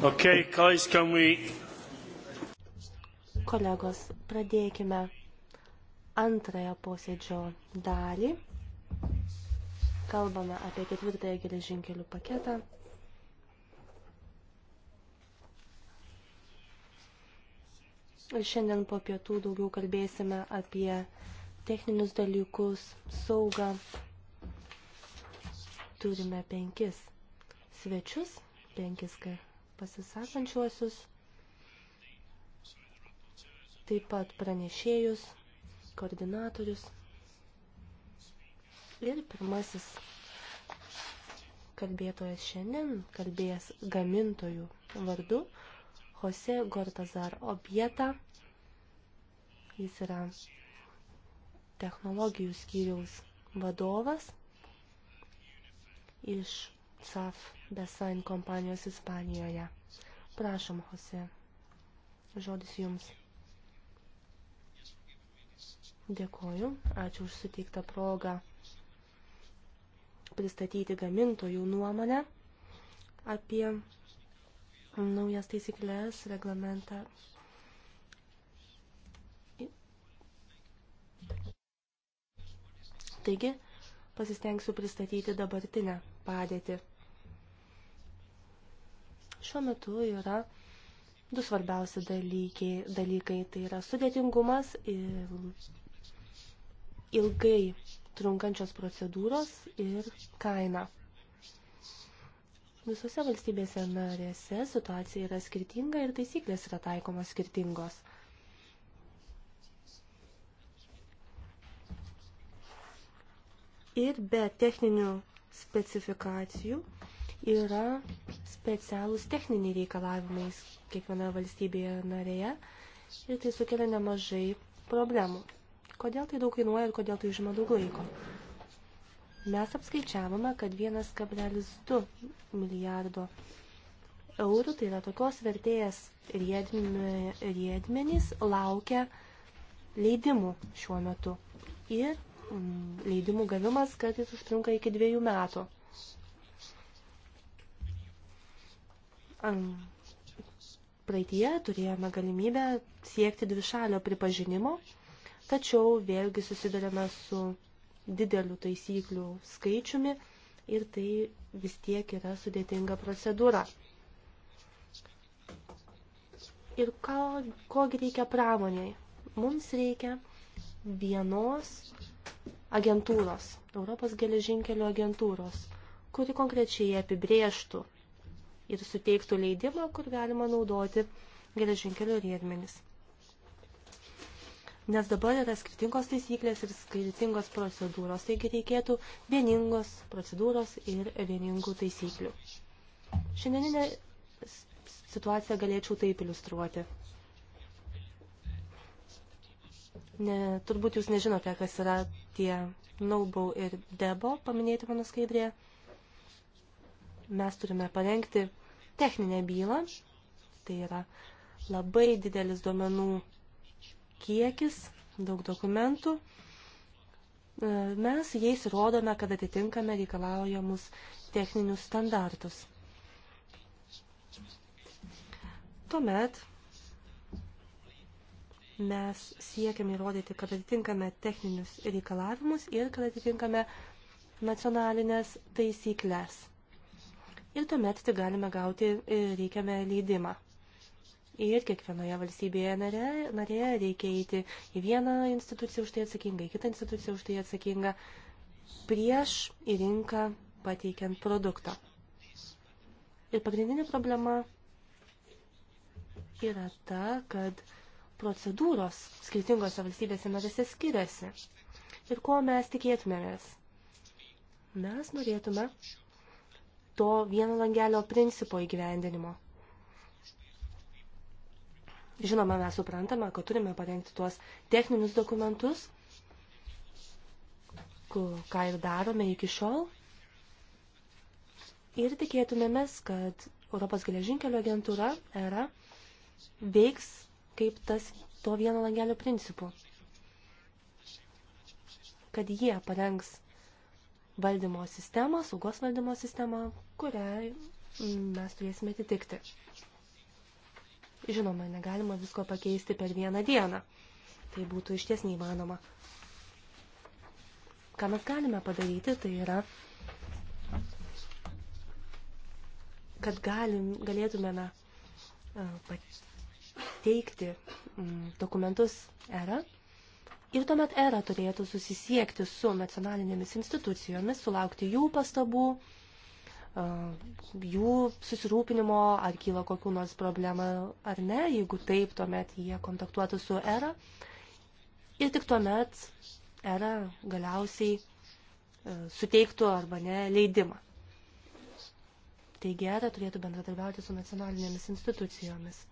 Okay, guys, can we... Kolegos, pradėkime antrąją posėdžio dalį. Kalbame apie ketvirtąją geležinkelių paketą. Ir šiandien po pietų daugiau kalbėsime apie techninius dalykus, saugą. Turime penkis svečius, penkis kartus pasisakančiuosius, taip pat pranešėjus, koordinatorius. Ir pirmasis kalbėtojas šiandien kalbėjęs gamintojų vardu Jose Gortazar Obieta. Jis yra technologijų skyriaus vadovas iš SAF Design kompanijos Ispanijoje. Prašom, Jose. Žodis jums. Dėkoju. Ačiū už suteiktą progą pristatyti gamintojų nuomonę apie naujas taisyklės, reglamentą. Taigi, pasistengsiu pristatyti dabartinę padėtį šiuo metu yra du svarbiausi dalykai, dalykai tai yra sudėtingumas ir ilgai trunkančios procedūros ir kaina. Visose valstybėse narėse situacija yra skirtinga ir taisyklės yra taikomos skirtingos. Ir be techninių specifikacijų yra specialūs techniniai reikalavimai kiekvienoje valstybėje narėje ir tai sukelia nemažai problemų. Kodėl tai daug kainuoja ir kodėl tai užima daug laiko? Mes apskaičiavome, kad 1,2 milijardo eurų, tai yra tokios vertėjas riedmenys, laukia leidimų šiuo metu. Ir mm, leidimų gavimas kartais užtrunka iki dviejų metų. Praeitie turėjome galimybę siekti dvišalio pripažinimo, tačiau vėlgi susidurėme su dideliu taisyklių skaičiumi ir tai vis tiek yra sudėtinga procedūra. Ir ko, kogi reikia pramoniai? Mums reikia vienos agentūros, Europos geležinkelio agentūros, kuri konkrečiai apibrėžtų ir suteiktų leidimą, kur galima naudoti geležinkelių riedmenis. Nes dabar yra skirtingos taisyklės ir skirtingos procedūros, taigi reikėtų vieningos procedūros ir vieningų taisyklių. Šiandieninę situaciją galėčiau taip iliustruoti. Ne, turbūt jūs nežinote, kas yra tie naubau ir debo, paminėti mano skaidrėje mes turime parengti techninę bylą, tai yra labai didelis duomenų kiekis, daug dokumentų. E, mes jais rodome, kad atitinkame reikalaujamus techninius standartus. Tuomet mes siekiam įrodyti, kad atitinkame techninius reikalavimus ir kad atitinkame nacionalinės taisyklės ir tuomet tik galime gauti e, reikiamą leidimą. Ir kiekvienoje valstybėje narė, narėje reikia eiti į vieną instituciją už tai atsakingą, į kitą instituciją už tai atsakingą, prieš į rinką pateikiant produktą. Ir pagrindinė problema yra ta, kad procedūros skirtingose valstybėse narėse skiriasi. Ir ko mes tikėtumėmės? Mes norėtume, to vieno langelio principo įgyvendinimo. Žinoma, mes suprantame, kad turime parengti tuos techninius dokumentus, ką ir darome iki šiol. Ir tikėtumėmės, kad Europos geležinkelio agentūra ERA veiks kaip tas to vieno langelio principu. Kad jie parengs valdymo sistemą, saugos valdymo sistemą, kuriai mm, mes turėsime atitikti. Žinoma, negalima visko pakeisti per vieną dieną. Tai būtų išties neįmanoma. Ką mes galime padaryti, tai yra, kad galim, galėtumėme pateikti mm, dokumentus ERA Ir tuomet ERA turėtų susisiekti su nacionalinėmis institucijomis, sulaukti jų pastabų, jų susirūpinimo, ar kyla kokių nors problemų ar ne. Jeigu taip, tuomet jie kontaktuotų su ERA. Ir tik tuomet ERA galiausiai suteiktų arba ne leidimą. Taigi ERA turėtų bendradarbiauti su nacionalinėmis institucijomis.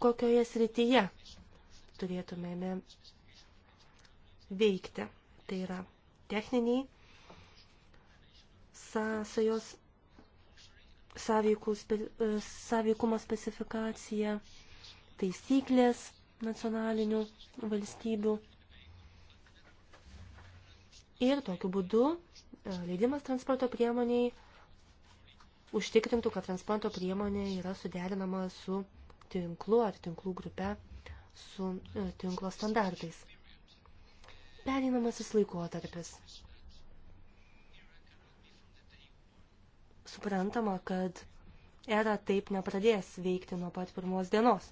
kokioje srityje turėtumėme veikti. Tai yra techniniai sąsajos, e, sąveikumo specifikacija, taisyklės nacionalinių valstybių. Ir tokiu būdu e, leidimas transporto priemoniai užtikrintų, kad transporto priemonė yra suderinama su tinklu ar tinklų grupe su e, tinklo standartais. Pereinamasis laikotarpis. Suprantama, kad era taip nepradės veikti nuo pat pirmos dienos.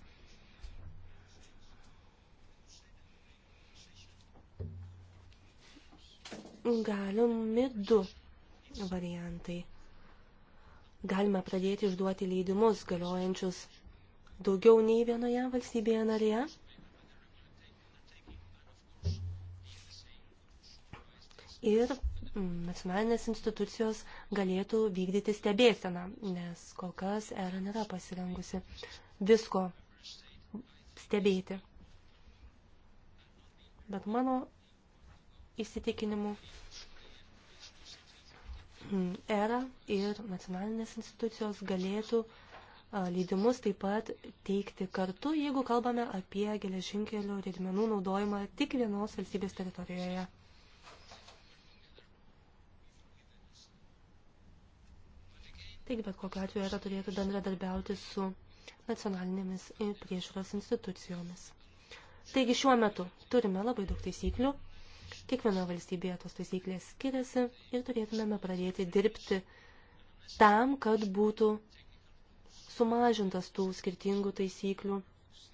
Galimi du variantai. Galime pradėti išduoti leidimus galiojančius daugiau nei vienoje valstybėje narėje. Ir mm, nacionalinės institucijos galėtų vykdyti stebėseną, nes kol kas ERA nėra pasirengusi visko stebėti. Bet mano įsitikinimu mm, ERA ir nacionalinės institucijos galėtų uh, leidimus taip pat teikti kartu, jeigu kalbame apie geležinkelių riedmenų naudojimą tik vienos valstybės teritorijoje. Taigi, bet kokiu atveju yra turėtų bendradarbiauti su nacionalinėmis priežiūros institucijomis. Taigi, šiuo metu turime labai daug taisyklių. Kiekviena valstybėje tos taisyklės skiriasi ir turėtumėme pradėti dirbti tam, kad būtų sumažintas tų skirtingų taisyklių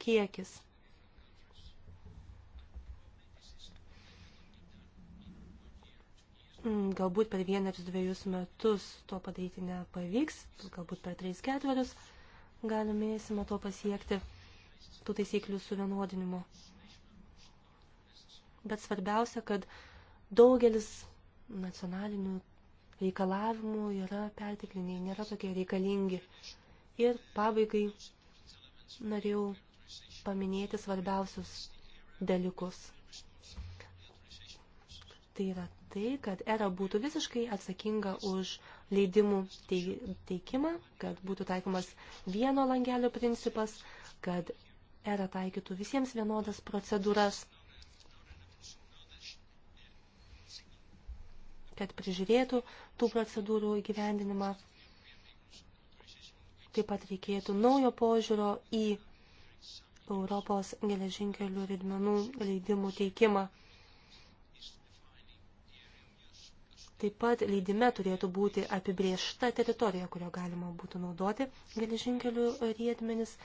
kiekis. Mm, galbūt per vienerius dviejus metus to padaryti nepavyks, galbūt per trys ketverius galimėsime to pasiekti, tų taisyklių suvienodinimo. Bet svarbiausia, kad daugelis nacionalinių reikalavimų yra pertikliniai, nėra tokie reikalingi. Ir pabaigai norėjau paminėti svarbiausius dalykus. Tai yra tai, kad ERA būtų visiškai atsakinga už leidimų teikimą, kad būtų taikomas vieno langelio principas, kad ERA taikytų visiems vienodas procedūras, kad prižiūrėtų tų procedūrų įgyvendinimą Taip pat reikėtų naujo požiūrio į Europos geležinkelių vaidmenų leidimų teikimą. Taip pat leidime turėtų būti apibriešta teritorija, kurio galima būtų naudoti geležinkelių riedmenis.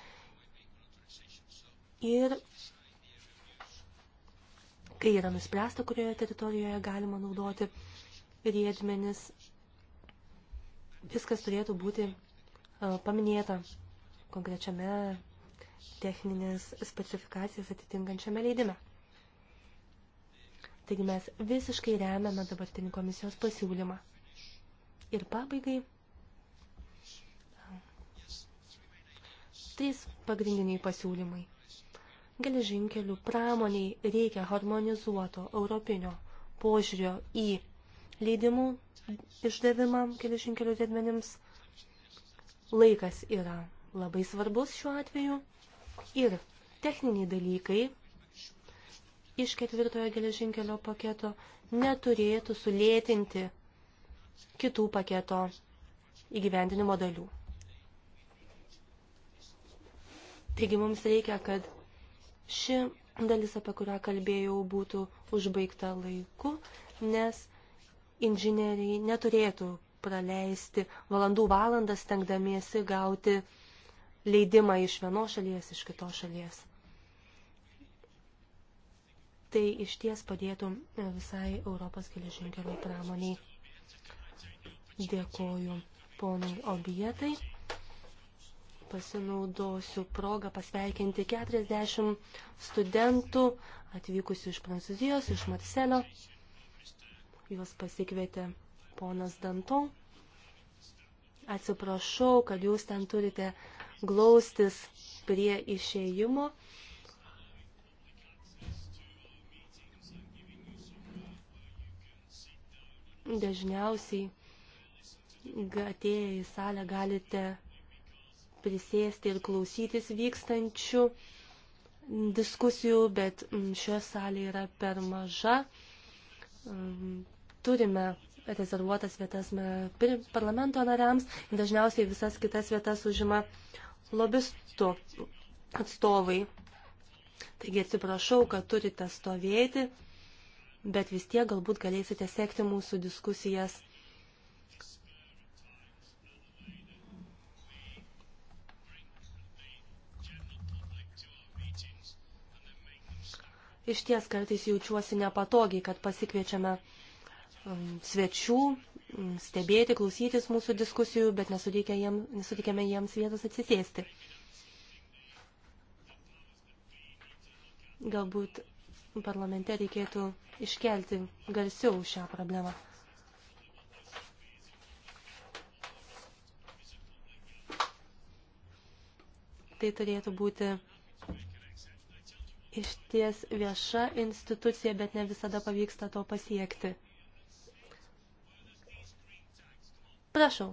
Ir kai yra nuspręsta, kurioje teritorijoje galima naudoti riedmenis, viskas turėtų būti paminėta konkrečiame techninės specifikacijas atitinkančiame leidime. Taigi mes visiškai remiame dabartinį komisijos pasiūlymą. Ir pabaigai trys pagrindiniai pasiūlymai. Geležinkelių pramoniai reikia harmonizuoto europinio požiūrio į leidimų išdavimą geležinkelių dėdmenims – Laikas yra labai svarbus šiuo atveju ir techniniai dalykai iš ketvirtojo geležinkelio paketo neturėtų sulėtinti kitų paketo įgyvendinimo dalių. Taigi mums reikia, kad ši dalis, apie kurią kalbėjau, būtų užbaigta laiku, nes inžinieriai neturėtų praleisti valandų valandas, tenkdamiesi gauti leidimą iš vienos šalies, iš kitos šalies. Tai iš ties padėtų visai Europos geležinkelių pramoniai. Dėkoju ponui objetai. Pasinaudosiu progą pasveikinti 40 studentų atvykusių iš Prancūzijos, iš Marselio. Juos pasikvietė ponas Danton. Atsiprašau, kad jūs ten turite glaustis prie išėjimo. Dažniausiai atėję į salę galite prisėsti ir klausytis vykstančių diskusijų, bet mm, šioje salėje yra per maža. Mm, turime rezervuotas vietas parlamento nariams, dažniausiai visas kitas vietas užima lobistų atstovai. Taigi atsiprašau, kad turite stovėti, bet vis tiek galbūt galėsite sekti mūsų diskusijas. Iš ties kartais jaučiuosi nepatogiai, kad pasikviečiame Um, svečių, um, stebėti, klausytis mūsų diskusijų, bet nesuteikia jiem, nesuteikėme jiems vietos atsisėsti. Galbūt parlamente reikėtų iškelti garsiau šią problemą. Tai turėtų būti išties vieša institucija, bet ne visada pavyksta to pasiekti. Prašau,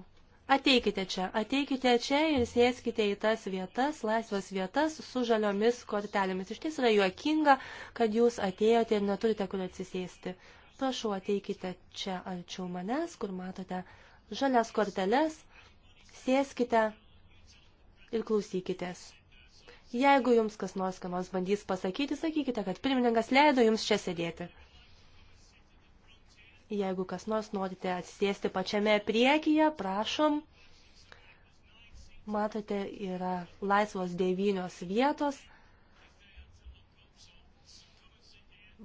ateikite čia, ateikite čia ir sėskite į tas vietas, laisvas vietas su žaliomis kortelėmis. Iš ties yra juokinga, kad jūs atėjote ir neturite kur atsisėsti. Prašau, ateikite čia arčiau manęs, kur matote žalias korteles, sėskite ir klausykitės. Jeigu jums kas nors ką nors bandys pasakyti, sakykite, kad pirmininkas leido jums čia sėdėti. Jeigu kas nors norite atsisėsti pačiame priekyje, prašom. Matote, yra laisvos devynios vietos.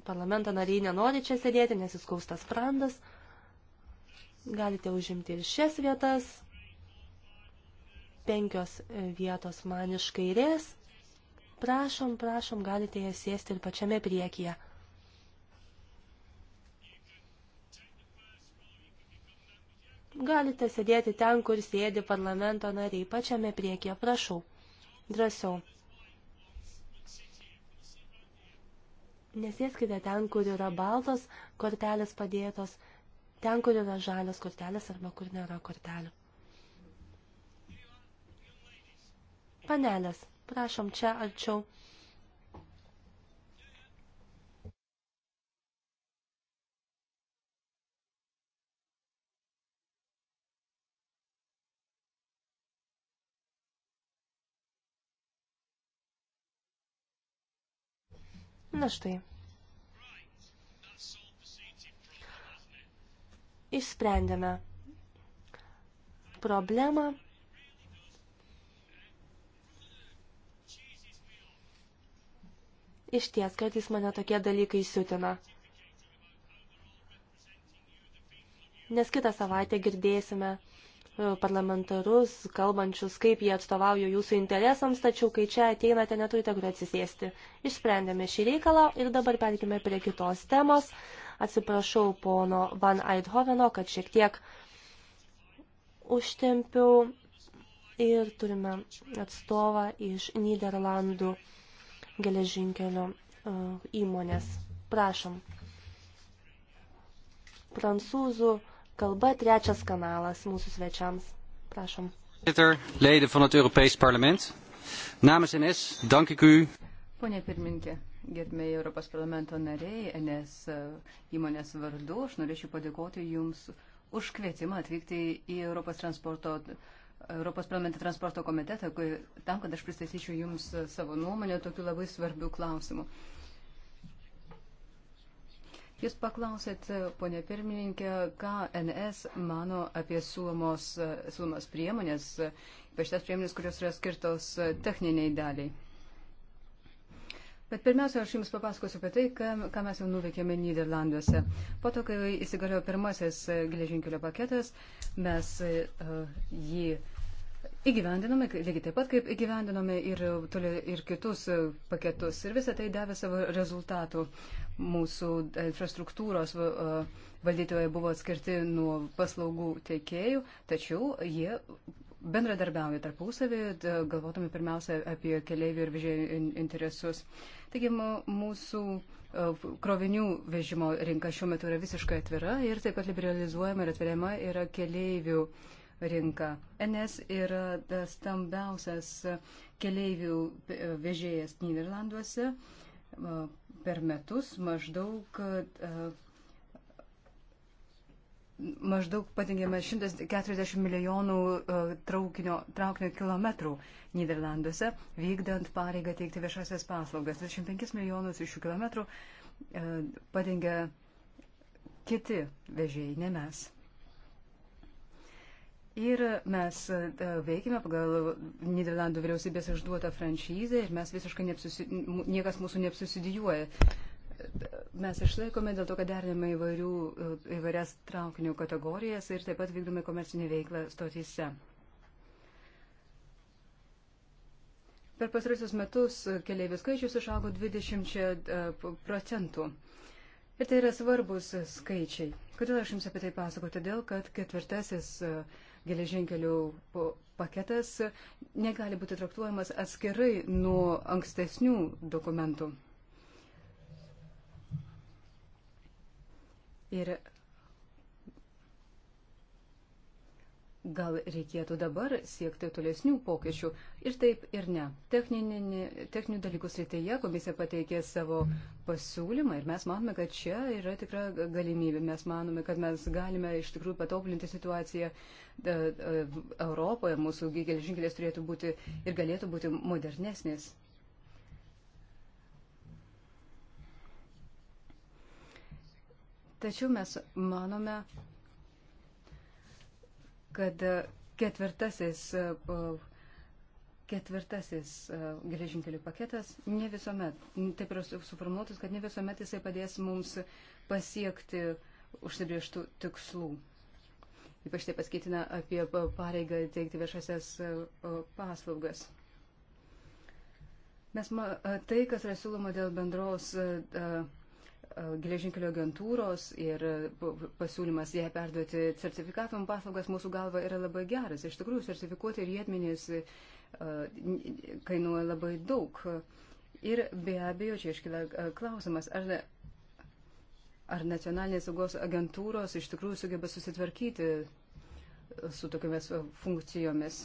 Parlamento nariai nenori čia sėdėti, nes jis kaustas sprandas. Galite užimti ir šias vietas. Penkios vietos man iš kairės. Prašom, prašom, galite jas sėsti ir pačiame priekyje. Galite sėdėti ten, kur sėdi parlamento nariai, pačiame priekyje, prašau. Drąsiau. Nesėskite ten, kur yra baltos kortelės padėtos, ten, kur yra žalios kortelės arba kur nėra kortelių. Panelės, prašom čia arčiau. Na štai. Išsprendėme problemą. Iš ties, kad jis mane tokie dalykai siutina. Nes kitą savaitę girdėsime parlamentarus, kalbančius, kaip jie atstovauja jūsų interesams, tačiau kai čia ateinate, neturite kur atsisėsti. Išsprendėme šį reikalą ir dabar perkime prie kitos temos. Atsiprašau pono Van Eidhoveno, kad šiek tiek užtempiau ir turime atstovą iš Niderlandų geležinkelio e, įmonės. Prašom. Prancūzų kalba, trečias kanalas mūsų svečiams. Prašom. Leden van het Europees Parlement. Namens NS, dank ik u. Pone pirmininkė, gerbėjai Europos parlamento nariai, NS uh, įmonės vardu, aš norėčiau padėkoti Jums už kvietimą atvykti į Europos transporto Europos parlamento transporto komitetą, tam, kad aš pristatyčiau Jums uh, savo nuomonę tokiu labai svarbiu klausimu. Jūs paklausėt, ponė pirmininkė, ką NS mano apie siūlomos, siūlomos priemonės, ypač tas priemonės, kurios yra skirtos techniniai daliai. Bet pirmiausia, aš Jums papasakosiu apie tai, ką, ką mes jau nuveikėme Niderlanduose. Po to, kai įsigaliojo pirmasis geležinkelio paketas, mes uh, jį Įgyvendinome, lygiai taip pat kaip įgyvendinome ir, ir kitus e, paketus. Ir visą tai davė savo rezultatų. Mūsų infrastruktūros e, valdytojai buvo atskirti nuo paslaugų teikėjų, tačiau jie bendradarbiauja tarpusavį, e, galvodami pirmiausia apie keliaivių ir vežėjų interesus. Taigi mūsų krovinių vežimo rinka šiuo metu yra visiškai atvira ir taip pat liberalizuojama ir atveriama yra keliaivių interesų rinką. NS yra stambiausias keleivių vežėjas Niderlanduose per metus maždaug maždaug padengiama 140 milijonų traukinio, traukinio kilometrų Niderlanduose, vykdant pareigą teikti viešasias paslaugas. 25 milijonus iš šių kilometrų padengia kiti vežėjai, ne mes. Ir mes e, veikime pagal Niderlandų vyriausybės išduotą franšizę ir mes visiškai neapsusi, niekas mūsų neapsusidijuoja. Mes išlaikome dėl to, kad deriname įvairių, e, įvairias traukinių kategorijas ir taip pat vykdome komercinį veiklą stotyse. Per pasarusius metus keliaivių skaičius išaugo 20 e, procentų. Ir tai yra svarbus skaičiai. Kodėl aš jums apie tai pasakoju? Todėl, kad ketvirtasis uh, geležinkelių paketas negali būti traktuojamas atskirai nuo ankstesnių dokumentų. Ir Gal reikėtų dabar siekti tolesnių pokyčių ir taip ir ne. Techninį, techninių dalykų srityje komisija pateikė savo pasiūlymą ir mes manome, kad čia yra tikra galimybė. Mes manome, kad mes galime iš tikrųjų patobulinti situaciją Europoje. Mūsų geležinkelės turėtų būti ir galėtų būti modernesnis. Tačiau mes manome, kad e, ketvirtasis, e, ketvirtasis e, geležinkelių paketas ne visuomet, taip yra suformuotas, kad ne visuomet jisai padės mums pasiekti užsibrieštų tikslų. Ypač tai paskaitina apie pareigą teikti viešasias paslaugas. Mes ma, tai, kas yra siūloma dėl bendros. Uh, E, geležinkelio agentūros ir e, pasiūlymas jai perduoti sertifikavimo paslaugas mūsų galva yra labai geras. Iš tikrųjų, sertifikuoti riedmenys e, kainuoja labai daug. Ir be abejo, čia iškila klausimas, ar, ar nacionalinės saugos agentūros iš tikrųjų sugeba susitvarkyti su tokiamis funkcijomis.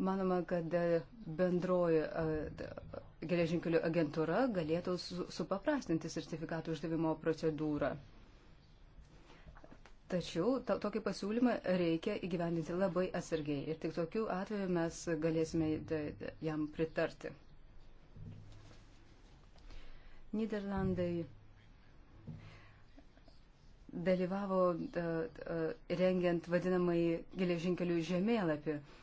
Manoma, kad bendroji geležinkelių agentūra galėtų supaprastinti sertifikatų uždavimo procedūrą. Tačiau to, tokį pasiūlymą reikia įgyvendinti labai atsargiai ir tik tokiu atveju mes galėsime de, de, jam pritarti. Niderlandai dalyvavo de, de, rengiant vadinamąjį geležinkelių žemėlapį. De,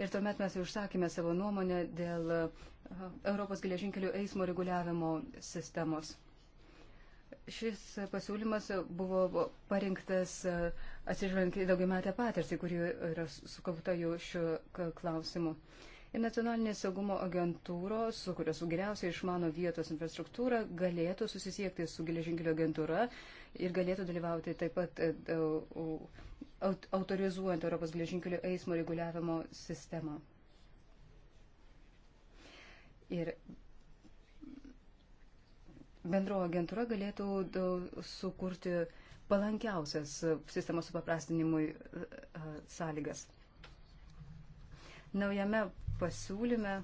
Ir tuomet mes užsakėme savo nuomonę dėl e, Europos geležinkelių eismo reguliavimo sistemos. Šis pasiūlymas buvo parinktas e, atsižvelgiant į daugiametę patirtį, kuri yra sukaupta jau šiuo klausimu. Ir nacionalinės saugumo agentūros, su kurios geriausiai išmano vietos infrastruktūrą, galėtų susisiekti su geležinkelio agentūra ir galėtų dalyvauti taip pat e, autorizuojant Europos geležinkelių eismo reguliavimo sistemą. Ir bendrojo agentūra galėtų sukurti palankiausias sistemos supaprastinimui sąlygas. Naujame pasiūlyme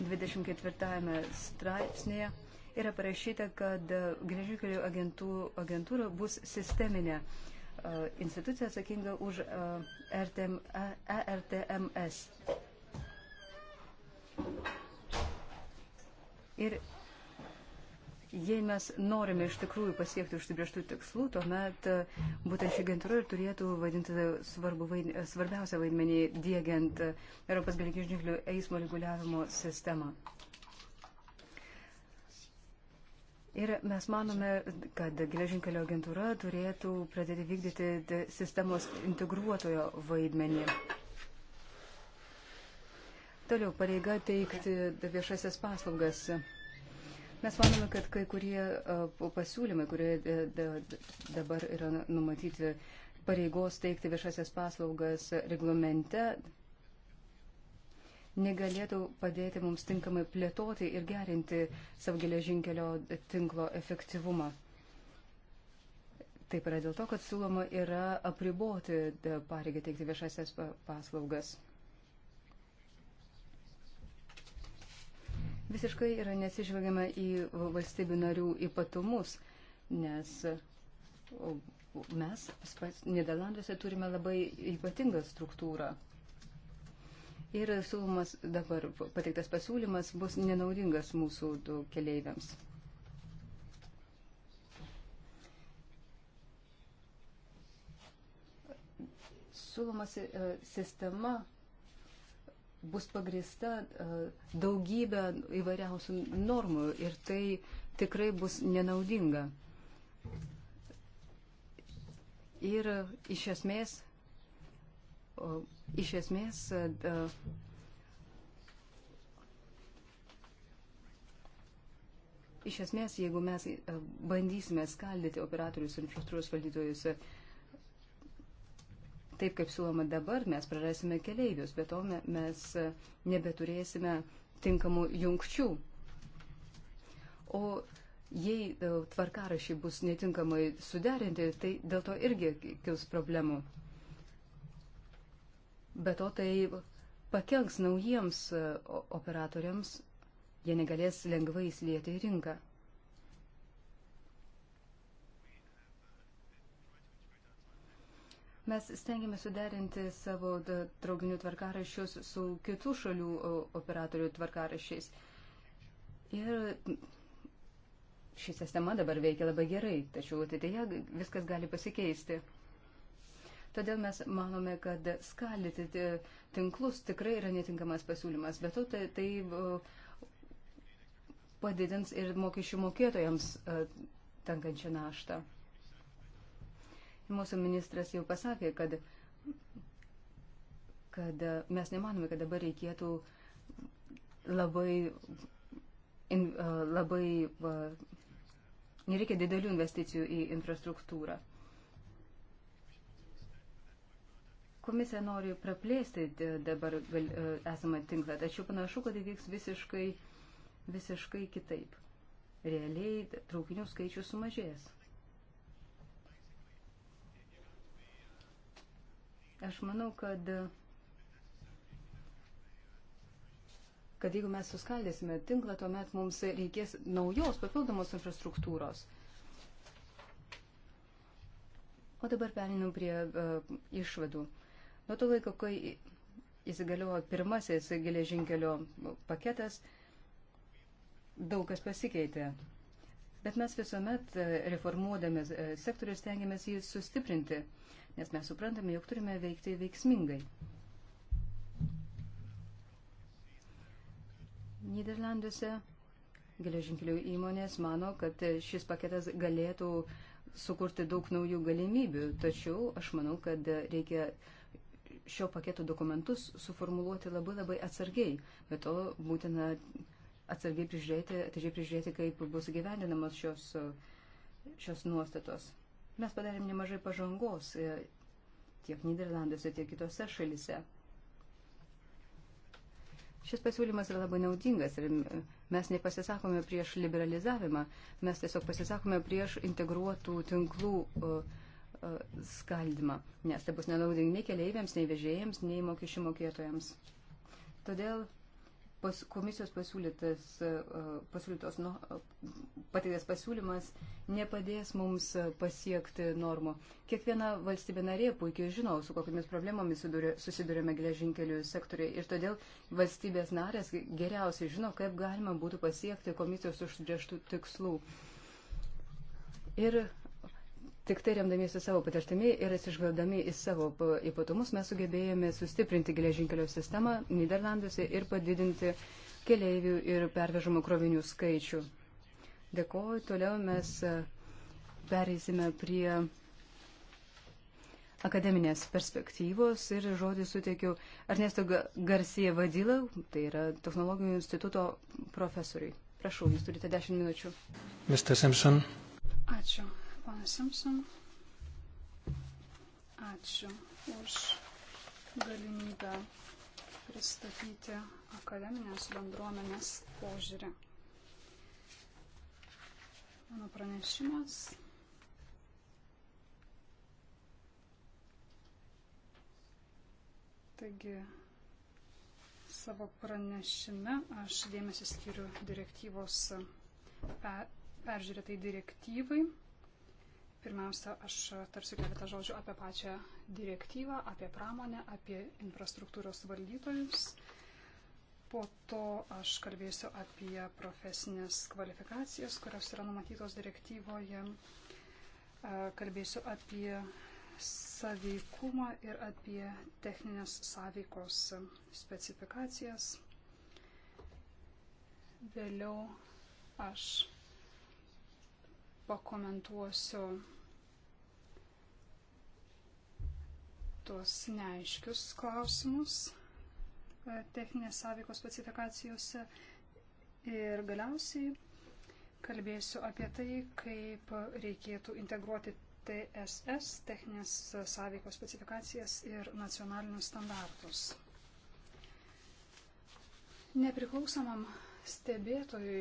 24 straipsnėje yra parašyta, kad e, geležinkelių agentūra bus sisteminė e, institucija atsakinga už e, RTM, ERTMS. Ir jei mes norime iš tikrųjų pasiekti užsibrieštų tikslų, tuomet būtent ši agentūra ir turėtų vadinti vaidin, svarbiausią vaidmenį dėgiant Europos geležinkelių eismo reguliavimo sistemą. Ir mes manome, kad geležinkelio agentūra turėtų pradėti vykdyti sistemos integruotojo vaidmenį. Toliau pareiga teikti viešasias paslaugas. Mes manome, kad kai kurie pasiūlymai, kurie dabar yra numatyti pareigos teikti viešasias paslaugas reglamente, negalėtų padėti mums tinkamai plėtoti ir gerinti savo geležinkelio tinklo efektyvumą. Taip yra dėl to, kad siūloma yra apriboti pareigą teikti viešasias paslaugas. Visiškai yra nesižvelgiama į valstybių narių ypatumus, nes mes Niderlanduose turime labai ypatingą struktūrą. Ir siūlomas dabar pateiktas pasiūlymas bus nenaudingas mūsų keleiviams. Siūloma e, sistema bus pagrįsta e, daugybę įvairiausių normų ir tai tikrai bus nenaudinga. Ir iš esmės Iš esmės, e, e, iš esmės, jeigu mes e, bandysime skaldyti operatorius ir infrastruktūros valdytojus taip, kaip siūloma dabar, mes prarasime keleivius, bet to mes nebeturėsime tinkamų jungčių. O jei tvarkarašiai bus netinkamai suderinti, tai dėl to irgi kils problemų bet o tai pakenks naujiems e, operatoriams, jie negalės lengvai įsilieti į rinką. Mes stengiame suderinti savo traukinių tvarkarašius su kitų šalių operatorių tvarkarašiais. Ir ši sistema dabar veikia labai gerai, tačiau ateityje viskas gali pasikeisti. Todėl mes manome, kad skaldyti tinklus tikrai yra netinkamas pasiūlymas, bet to tai, tai padidins ir mokesčių mokėtojams e, tenkančią naštą. Mūsų ministras jau pasakė, kad, kad mes nemanome, kad dabar reikėtų labai, in, e, labai va, e, nereikia didelių investicijų į infrastruktūrą. Komisija nori praplėsti dabar e, esamą tinklą, tačiau panašu, kad įvyks visiškai, visiškai kitaip. Realiai traukinių skaičius sumažės. Aš manau, kad kad jeigu mes suskaldysime tinklą, tuomet mums reikės naujos papildomos infrastruktūros. O dabar perinam prie uh, išvadų. Nuo to laiko, kai įsigaliojo pirmasis geležinkelio paketas, daug kas pasikeitė. Bet mes visuomet e, reformuodami e, sektorius tengiamės jį sustiprinti, nes mes suprantame, jog turime veikti veiksmingai. Niderlanduose geležinkelių įmonės mano, kad šis paketas galėtų sukurti daug naujų galimybių, tačiau aš manau, kad reikia šio paketo dokumentus suformuluoti labai labai atsargiai, bet to būtina atsargiai prižiūrėti, atidžiai prižiūrėti, kaip bus gyvendinamas šios, šios nuostatos. Mes padarėm nemažai pažangos e, tiek Niderlanduose, tiek kitose šalise. Šis pasiūlymas yra labai naudingas ir mes nepasisakome prieš liberalizavimą, mes tiesiog pasisakome prieš integruotų tinklų uh, skaldimą, nes tai bus nenaudingi nei keleiviams, nei vežėjams, nei mokesčių mokėtojams. Todėl pas, komisijos pasiūlytas, e, pasiūlytos, nu, pateiktas pasiūlymas nepadės mums pasiekti normų. Kiekviena valstybė narė puikiai žino, su kokiamis problemomis susidurėme geležinkelių sektoriai ir todėl valstybės narės geriausiai žino, kaip galima būtų pasiekti komisijos užsibrieštų tikslų. Ir Tik tai remdamiesi savo patirtimi ir atsižvelgdami į savo ypatumus mes sugebėjome sustiprinti geležinkelio sistemą Niderlanduose ir padidinti keleivių ir pervežamų krovinių skaičių. Dėkuoju, toliau mes e, pereisime prie akademinės perspektyvos ir žodį suteikiu Ernesto Garcia Vadila, tai yra technologijų instituto profesoriui. Prašau, jūs turite 10 minučių. Mr. Simpson. Ačiū. Pane Simpson, ačiū už galimybę pristatyti akademinės bendruomenės požiūrį. Mano pranešimas Taigi savo pranešime aš dėmesį skiriu direktyvos per, peržiūrėtai direktyvai Pirmiausia, aš tarsiu keletą žodžių apie pačią direktyvą, apie pramonę, apie infrastruktūros valdytojus. Po to aš kalbėsiu apie profesinės kvalifikacijas, kurios yra numatytos direktyvoje. Kalbėsiu apie saveikumą ir apie techninės sąveikos specifikacijas. Vėliau aš pakomentuosiu tuos neaiškius klausimus e, techninės sąveikos specifikacijose. Ir galiausiai kalbėsiu apie tai, kaip reikėtų integruoti TSS, techninės sąveikos specifikacijas ir nacionalinius standartus. Nepriklausomam stebėtojui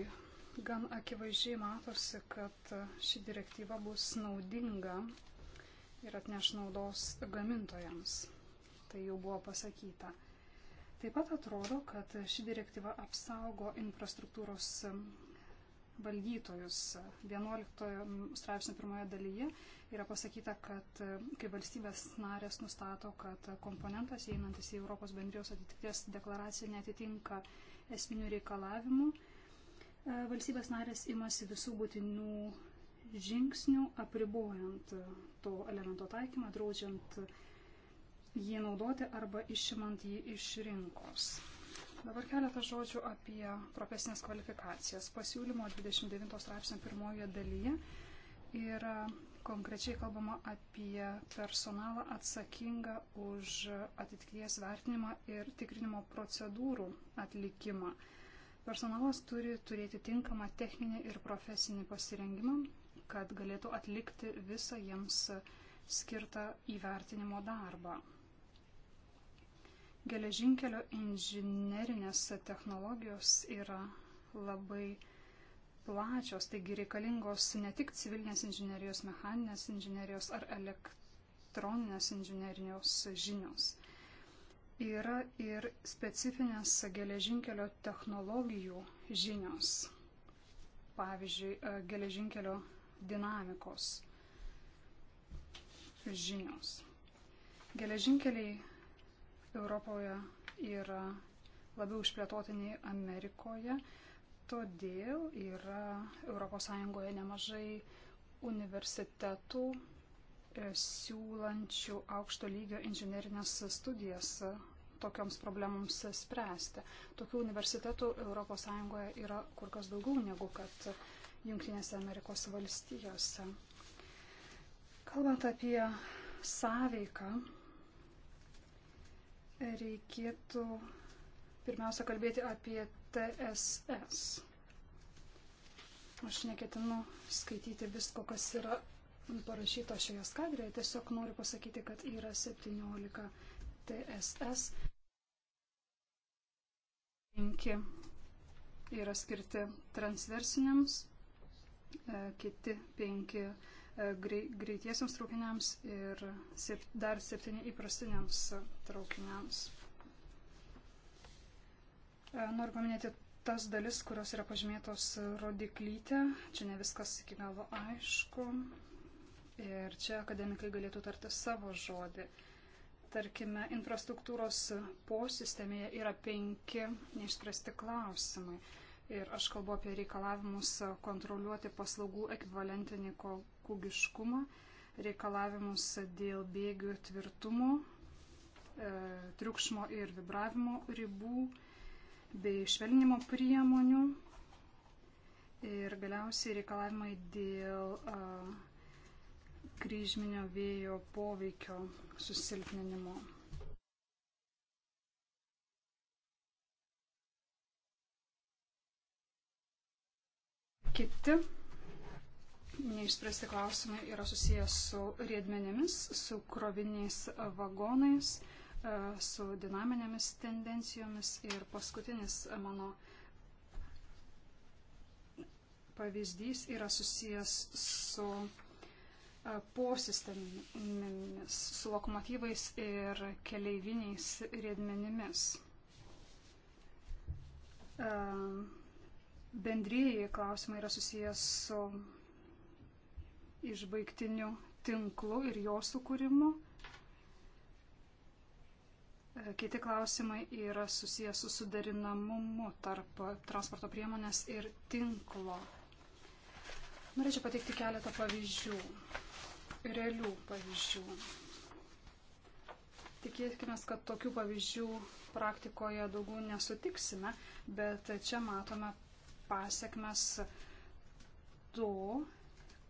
gan akivaizdžiai matosi, kad ši direktyva bus naudinga ir atneš naudos gamintojams. Tai jau buvo pasakyta. Taip pat atrodo, kad ši direktyva apsaugo infrastruktūros valdytojus. 11 straipsnio pirmoje dalyje yra pasakyta, kad e, kai valstybės narės nustato, kad komponentas einantis į Europos bendrijos atitikties deklaraciją netitinka esminių reikalavimų, e, valstybės narės imasi visų būtinų žingsnių apribojant to elemento taikymą, draudžiant jį naudoti arba išimant jį iš rinkos. Dabar keletą žodžių apie profesinės kvalifikacijas. Pasiūlymo 29 straipsnio pirmojoje dalyje yra konkrečiai kalbama apie personalą atsakingą už atitikties vertinimą ir tikrinimo procedūrų atlikimą. Personalas turi turėti tinkamą techninį ir profesinį pasirengimą, kad galėtų atlikti visą jiems skirtą įvertinimo darbą. Geležinkelio inžinerinės technologijos yra labai plačios, taigi reikalingos ne tik civilinės inžinerijos, mechaninės inžinerijos ar elektroninės inžinerijos žinios. Yra ir specifinės geležinkelio technologijų žinios. Pavyzdžiui, geležinkelio dinamikos žinios. Geležinkeliai Europoje yra labiau išplėtoti nei Amerikoje, todėl yra ES nemažai universitetų e, siūlančių aukšto lygio inžinerinės studijas e, tokioms problemams spręsti. Tokių universitetų ES yra kur kas daugiau negu kad Junktinėse Amerikos valstijose. Kalbant apie sąveiką, reikėtų pirmiausia kalbėti apie TSS. Aš neketinu skaityti visko, kas yra parašyta šioje skaidrėje, tiesiog noriu pasakyti, kad yra 17 TSS. 5 yra skirti transversiniams E, kiti penki e, greitiesiams traukiniams ir dar septyni įprastiniams traukiniams. E, noriu paminėti tas dalis, kurios yra pažymėtos rodiklytė. Čia ne viskas iki galo aišku. Ir čia akademikai galėtų tarti savo žodį. Tarkime, infrastruktūros posistemėje yra penki neišspręsti klausimai. Ir aš kalbu apie reikalavimus kontroliuoti paslaugų ekvivalentinį kūgiškumą, reikalavimus dėl bėgių tvirtumo, e, triukšmo ir vibravimo ribų bei švelnimo priemonių ir galiausiai reikalavimai dėl a, e, kryžminio vėjo poveikio susilpninimo. Kiti neišspręsti klausimai yra susijęs su riedmenėmis, su kroviniais vagonais, e, su dinaminėmis tendencijomis. Ir paskutinis mano pavyzdys yra susijęs su e, posistemėmis, su lokomotyvais ir keleiviniais riedmenimis. Uh, bendrėjai klausimai yra susijęs su išbaigtiniu tinklu ir jo sukūrimu. E, kiti klausimai yra susijęs su sudarinamumu tarp transporto priemonės ir tinklo. Norėčiau pateikti keletą pavyzdžių, realių pavyzdžių. Tikėkime, kad tokių pavyzdžių praktikoje daugiau nesutiksime, bet čia matome pasiekmes to,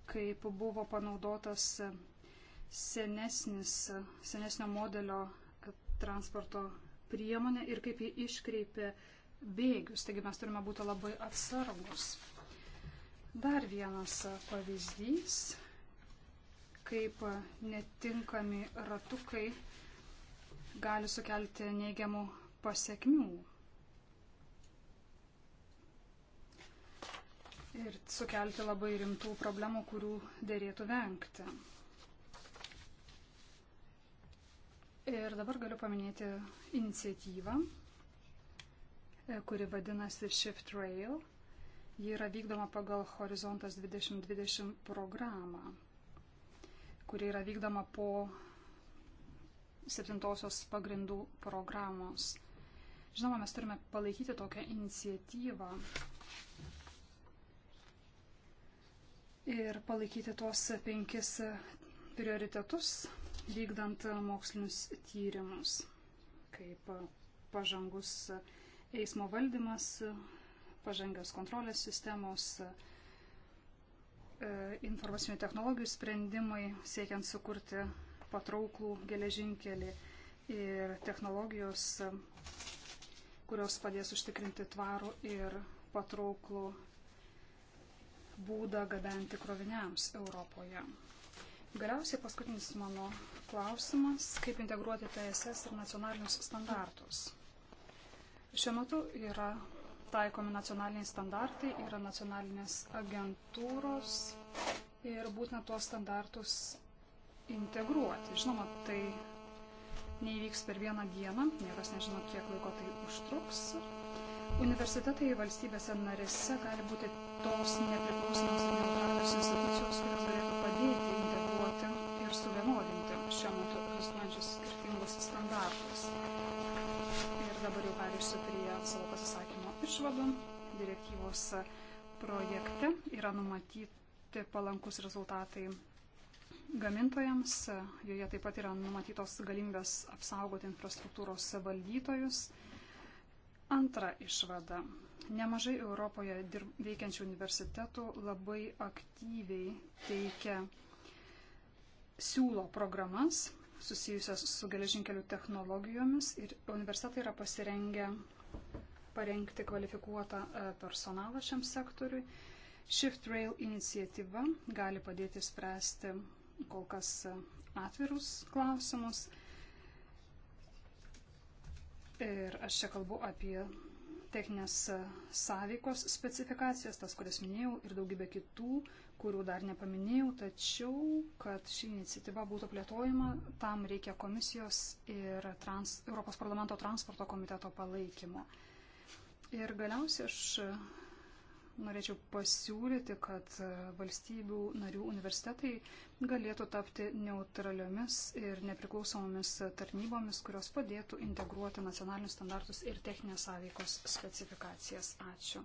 kaip buvo panaudotas senesnis, senesnio modelio transporto priemonė ir kaip jį iškreipė bėgius. Taigi mes turime būti labai atsargus. Dar vienas pavyzdys, kaip netinkami ratukai gali sukelti neigiamų pasiekmių. ir sukelti labai rimtų problemų, kurių dėrėtų vengti. Ir dabar galiu paminėti iniciatyvą, e, kuri vadinasi Shift Rail. Ji yra vykdoma pagal Horizontas 2020 programą, kuri yra vykdoma po septintosios pagrindų programos. Žinoma, mes turime palaikyti tokią iniciatyvą, ir palaikyti tuos penkis prioritetus vykdant mokslinius tyrimus, kaip pažangus eismo valdymas, pažangios kontrolės sistemos, e, informacinių technologijų sprendimai, siekiant sukurti patrauklų geležinkelį ir technologijos, kurios padės užtikrinti tvarų ir patrauklų būdą gabenti kroviniams Europoje. Galiausiai paskutinis mano klausimas, kaip integruoti TSS ir nacionalinius standartus. Šiuo metu yra taikomi nacionaliniai standartai, yra nacionalinės agentūros ir būtina tuos standartus integruoti. Žinoma, tai neįvyks per vieną dieną, niekas nežino, kiek laiko tai užtruks. Universitetai valstybėse narėse gali būti tos nepriklausomos ir neutralios institucijos, kurios galėtų padėti integruoti ir suvienodinti šiuo metu egzistuojančius skirtingus standartus. Ir dabar jau perėsiu prie savo pasisakymo išvadų. Direktyvos projekte yra numatyti palankus rezultatai gamintojams, joje taip pat yra numatytos galimybės apsaugoti infrastruktūros valdytojus Antra išvada. Nemažai Europoje dirb, veikiančių universitetų labai aktyviai teikia siūlo programas susijusias su geležinkelių technologijomis ir universitetai yra pasirengę parengti kvalifikuotą e, personalą šiam sektoriui. Shift Rail iniciatyva gali padėti spręsti kol kas e, atvirus klausimus. Ir aš čia kalbu apie techninės sąveikos specifikacijas, tas, kurias minėjau, ir daugybę kitų, kurių dar nepaminėjau, tačiau, kad ši iniciatyva būtų plėtojama, tam reikia komisijos ir trans, Europos parlamento transporto komiteto palaikymo. Ir galiausiai aš norėčiau pasiūlyti, kad e, valstybių narių universitetai galėtų tapti neutraliomis ir nepriklausomomis tarnybomis, kurios padėtų integruoti nacionalinius standartus ir techninės sąveikos specifikacijas. Ačiū.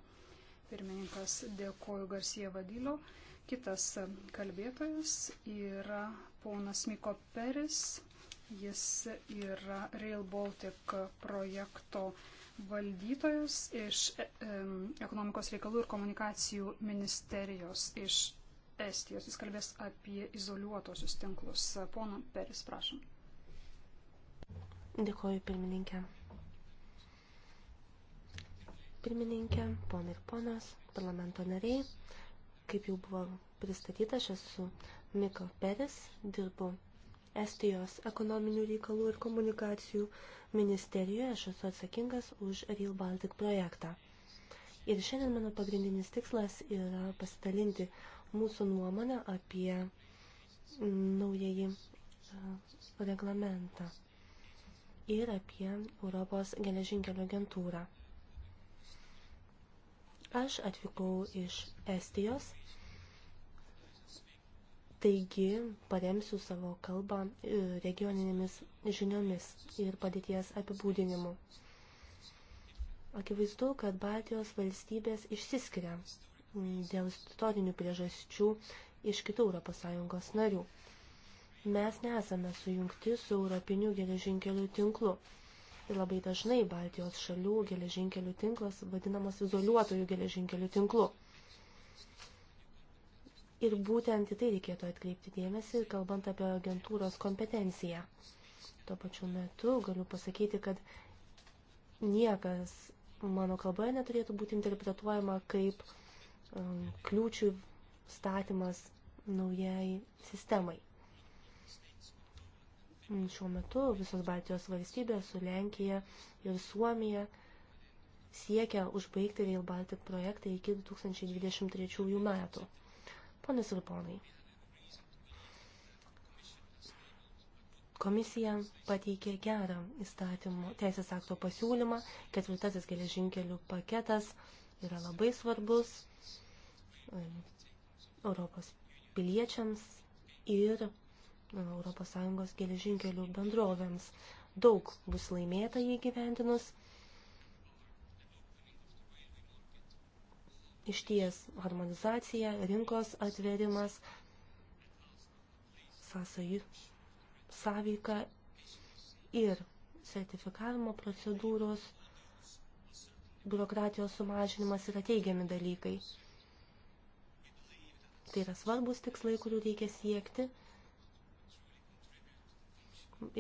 Pirmininkas dėkoju Garsie Vadilio. Kitas kalbėtojas yra ponas Miko Peris. Jis yra Rail Baltic projekto valdytojus iš ekonomikos reikalų ir komunikacijų ministerijos iš Estijos. Jis kalbės apie izoliuotosius tinklus. Pono Peris, prašom. Dėkoju, pirmininkė. Pirmininkė, ponai ir ponas, parlamento nariai, kaip jau buvo pristatyta, aš esu Miko Peris, dirbu Estijos ekonominių reikalų ir komunikacijų ministerijoje aš esu atsakingas už Real Baltic projektą. Ir šiandien mano pagrindinis tikslas yra pasidalinti mūsų nuomonę apie naująjį e, reglamentą ir apie Europos geležinkelio agentūrą. Aš atvykau iš Estijos Taigi paremsiu savo kalbą e, regioninėmis žiniomis ir padėties apibūdinimu. Akivaizdu, kad Baltijos valstybės išsiskiria dėl istorinių priežasčių iš kitų ES narių. Mes nesame sujungti su Europiniu geležinkelių tinklu. Ir labai dažnai Baltijos šalių geležinkelių tinklas vadinamas izoliuotojų geležinkelių tinklu. Ir būtent į tai reikėtų atkreipti dėmesį, kalbant apie agentūros kompetenciją. Tuo pačiu metu galiu pasakyti, kad niekas mano kalboje neturėtų būti interpretuojama kaip um, kliūčių statymas naujai sistemai. Šiuo metu visos Baltijos valstybės su Lenkija ir Suomija siekia užbaigti Rail Baltic projektą iki 2023 metų. Ponas ir ponai, komisija pateikė gerą įstatymo teisės akto pasiūlymą, ketvirtasis geležinkelių paketas yra labai svarbus Europos piliečiams ir ES geležinkelių bendrovėms. Daug bus laimėta įgyvendinus Iš ties harmonizacija, rinkos atverimas, sąsajų sąveika ir sertifikavimo procedūros, biurokratijos sumažinimas yra teigiami dalykai. Tai yra svarbus tikslai, kurių reikia siekti.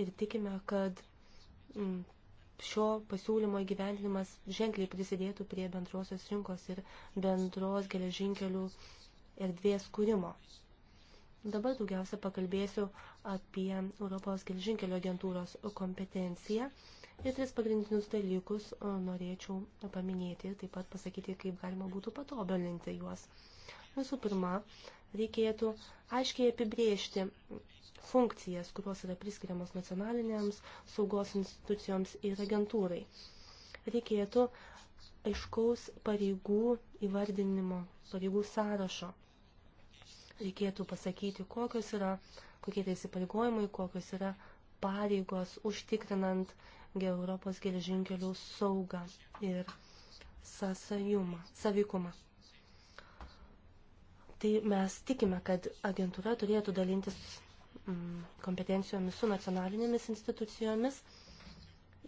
Ir tikime, kad mm, šio pasiūlymo įgyvendinimas ženkliai prisidėtų prie bendrosios rinkos ir bendros geležinkelių erdvės kūrimo. Dabar daugiausia pakalbėsiu apie Europos geležinkelio agentūros kompetenciją ir tris pagrindinius dalykus e, norėčiau paminėti ir taip pat pasakyti, kaip galima būtų patobulinti juos. Visų pirma, reikėtų aiškiai apibriežti funkcijas, kurios yra priskiriamos nacionalinėms saugos institucijoms ir agentūrai. Reikėtų aiškaus pareigų įvardinimo, pareigų sąrašo. Reikėtų pasakyti, kokios yra, kokie tai įsipareigojimai, kokios yra pareigos užtikrinant Europos geležinkelių saugą ir sąsajumą, savykumą. Tai mes tikime, kad agentūra turėtų dalintis kompetencijomis su nacionalinėmis institucijomis.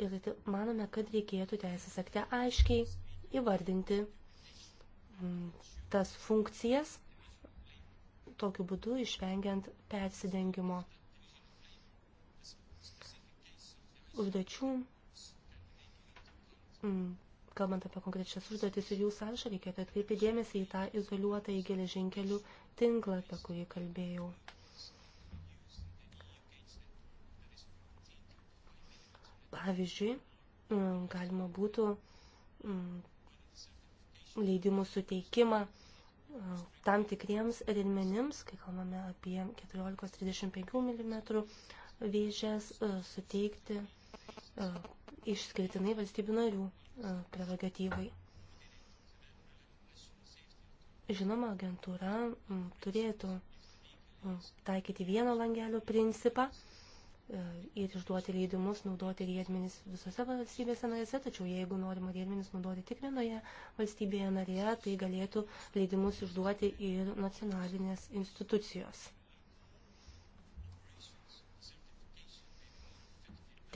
Ir tai manome, kad reikėtų teisės akte aiškiai įvardinti tas funkcijas, tokiu būdu išvengiant persidengimo užduočių. Kalbant apie konkrečias užduotis ir jų sąrašą, reikėtų atkreipti dėmesį į tą izoliuotą į geležinkelių tinklą, apie kurį kalbėjau. Pavyzdžiui, mm, galima būtų mm, leidimų suteikimą mm, tam tikriems redmenims, kai kalbame apie 14-35 mm vėžės, suteikti e, išskirtinai valstybių narių e, prerogatyvai. Žinoma, agentūra turėtų taikyti vieno langelio principą, E, ir išduoti leidimus naudoti riedmenis visose valstybėse narėse, tačiau jeigu norima riedmenis naudoti tik vienoje valstybėje narėje, tai galėtų leidimus išduoti ir nacionalinės institucijos.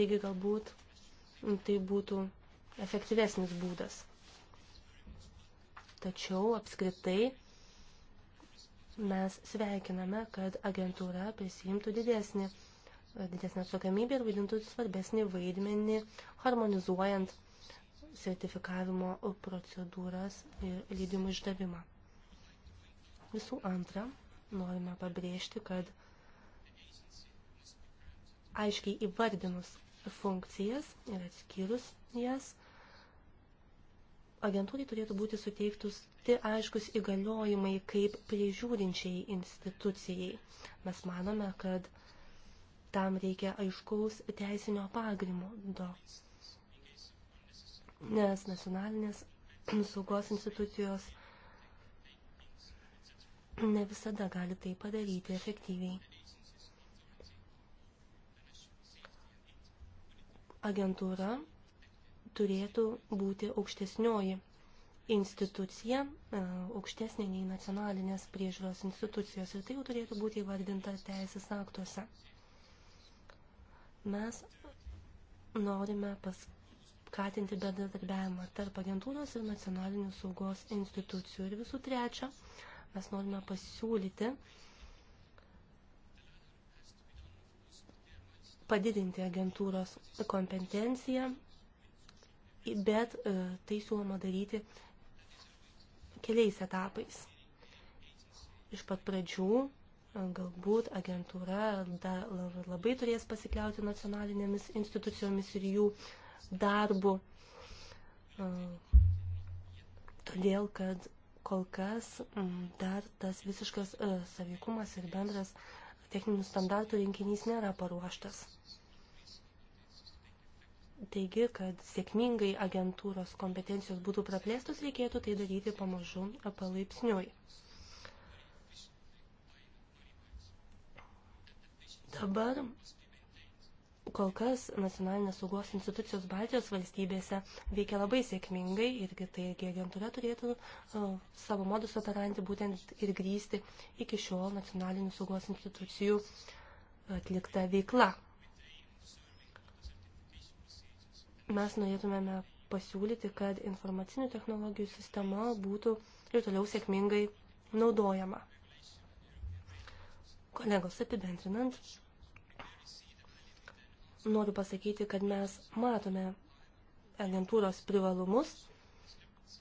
Taigi galbūt tai būtų efektyvesnis būdas. Tačiau apskritai mes sveikiname, kad agentūra prisimtų didesnį didesnė atsakomybė ir vaidintų svarbesnį vaidmenį harmonizuojant sertifikavimo procedūras ir leidimų išdavimą. Visų antra, norime pabrėžti, kad aiškiai įvardinus funkcijas ir atskyrus jas, agentūrai turėtų būti suteiktus tai aiškus įgaliojimai kaip priežiūrinčiai institucijai. Mes manome, kad tam reikia aiškaus teisinio pagrimo, nes nacionalinės saugos institucijos ne visada gali tai padaryti efektyviai. Agentūra turėtų būti aukštesnioji institucija, e, aukštesnė nei nacionalinės priežiūros institucijos ir tai jau turėtų būti įvardinta teisės aktuose. Mes norime paskatinti bendradarbiavimą tarp agentūros ir nacionalinių saugos institucijų. Ir visų trečia, mes norime pasiūlyti padidinti agentūros kompetenciją, bet e, tai siūloma daryti keliais etapais. Iš pat pradžių Galbūt agentūra labai turės pasikliauti nacionalinėmis institucijomis ir jų darbu. Todėl, kad kol kas dar tas visiškas e, savykumas ir bendras techninių standartų rinkinys nėra paruoštas. Taigi, kad sėkmingai agentūros kompetencijos būtų praplėstos, reikėtų tai daryti pamažu palaipsniui. Dabar kol kas nacionalinės saugos institucijos Baltijos valstybėse veikia labai sėkmingai irgi tai irgi agentūra turėtų uh, savo modus operandi būtent ir grįsti iki šiol nacionalinių saugos institucijų atlikta veikla. Mes norėtumėme pasiūlyti, kad informacinių technologijų sistema būtų ir toliau sėkmingai naudojama. Kolegos apibendrinant, noriu pasakyti, kad mes matome agentūros privalumus,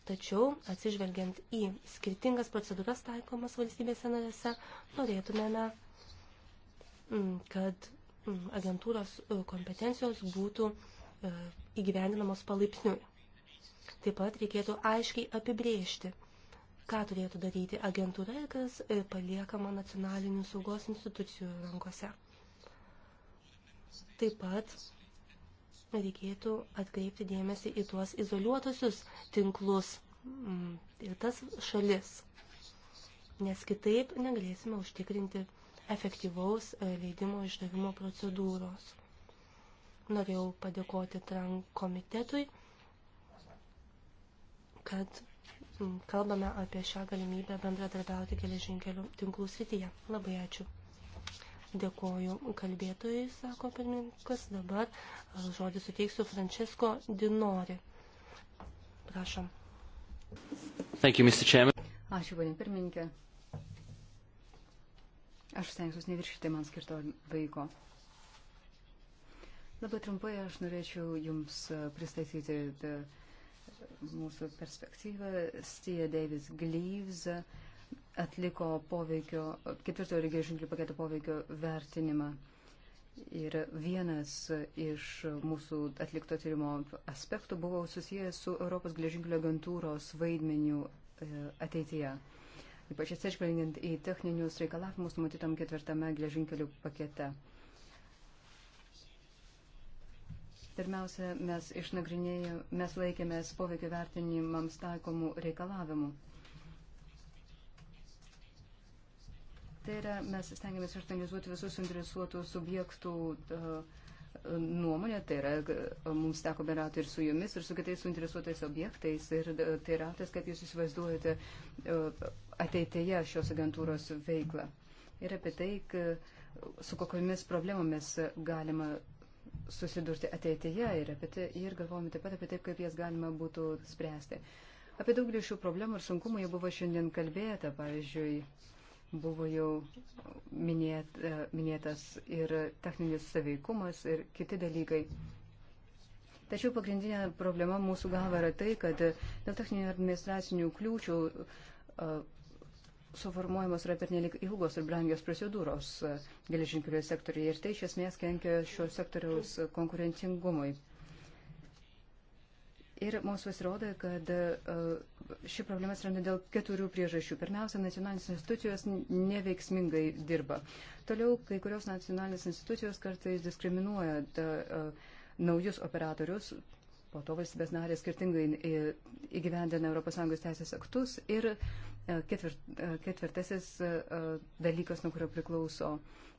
tačiau atsižvelgiant į skirtingas procedūras taikomas valstybėse narėse, norėtumėme, mm, kad mm, agentūros e, kompetencijos būtų e, įgyvendinamos palaipsniui. Taip pat reikėtų aiškiai apibrėžti, ką turėtų daryti agentūra ir kas e, paliekama nacionalinių saugos institucijų rankose. Taip pat reikėtų atkreipti dėmesį į tuos izoliuotusius tinklus ir mm, tas šalis, nes kitaip negalėsime užtikrinti efektyvaus e, leidimo išdavimo procedūros. Norėjau padėkoti TRAN komitetui, kad mm, kalbame apie šią galimybę bendradarbiauti geležinkelių tinklų srityje. Labai ačiū. Dėkoju kalbėtojai, sako pirmininkas. Dabar žodį suteiksiu Francesco Dinori. Prašom. Thank you, Mr. Chairman. Ačiū, ponė pirmininkė. Aš stengsiuosi neviršyti man skirto laiko. Labai trumpai aš norėčiau Jums pristatyti mūsų perspektyvą. Stija Davis Gleaves atliko poveikio, ketvirtojo regioninio paketo poveikio vertinimą. Ir vienas iš mūsų atlikto tyrimo aspektų buvo susijęs su Europos geležinkelio agentūros vaidmeniu e, ateityje. Ypač atsižvelgiant į techninius reikalavimus numatytam ketvirtame geležinkelių pakete. Pirmiausia, mes išnagrinėjome, mes laikėmės poveikio vertinimams taikomų reikalavimų. Tai yra, mes stengiamės išanalizuoti visus interesuotų subjektų e, nuomonę, tai yra, e, mums teko bendrauti ir su jumis, ir su kitais suinteresuotais objektais, ir e, tai yra tas, kaip jūs įsivaizduojate ateitėje šios agentūros veiklą. Ir apie tai, su kokiamis problemomis galima susidurti ateityje ir, tai, ir galvojame taip pat apie taip, kaip jas galima būtų spręsti. Apie daugelį šių problemų ir sunkumų jau buvo šiandien kalbėta, pavyzdžiui, buvo jau minėt, e, minėtas ir techninis saveikumas ir kiti dalykai. Tačiau pagrindinė problema mūsų galva yra tai, kad dėl techninių administracinių kliūčių e, suformuojamos yra pernelik ilgos ir brangios procedūros e, geležinkelio sektoriuje ir tai iš esmės kenkia šio sektoriaus konkurencingumui. Ir mums pasirodo, kad e, ši problema atsiranda dėl keturių priežasčių. Pirmiausia, nacionalinės institucijos neveiksmingai dirba. Toliau, kai kurios nacionalinės institucijos kartais diskriminuoja da, e, naujus operatorius, po to valstybės narės skirtingai e, įgyvendina ES teisės aktus ir E, e, ketvirtasis e, dalykas, nuo kurio priklauso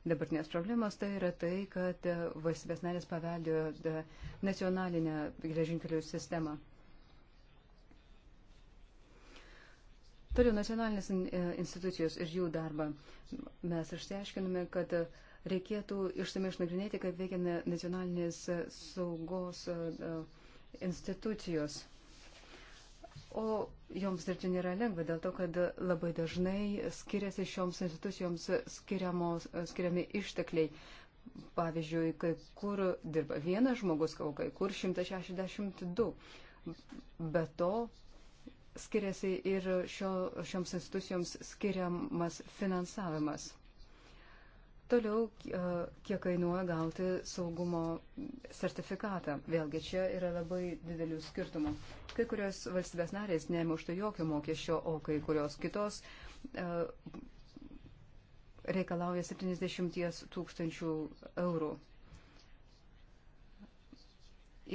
dabartinės problemos, tai yra tai, kad valstybės narės paveldėjo nacionalinę geležinkelių sistemą. Toliau nacionalinės institucijos ir jų darbą. Mes išsiaiškinome, kad reikėtų išsamei išnagrinėti, kaip veikia nacionalinės saugos institucijos. O joms dirbti nėra lengva dėl to, kad labai dažnai skiriasi šioms institucijoms skiriamos, skiriami ištekliai. Pavyzdžiui, kai kur dirba vienas žmogus, o kai kur 162. Be to skiriasi ir šio, šioms institucijoms skiriamas finansavimas. Toliau, e, kiek kainuoja gauti saugumo sertifikatą. Vėlgi, čia yra labai didelių skirtumų. Kai kurios valstybės narės nemuštų tai jokio mokesčio, o kai kurios kitos e, reikalauja 70 tūkstančių eurų.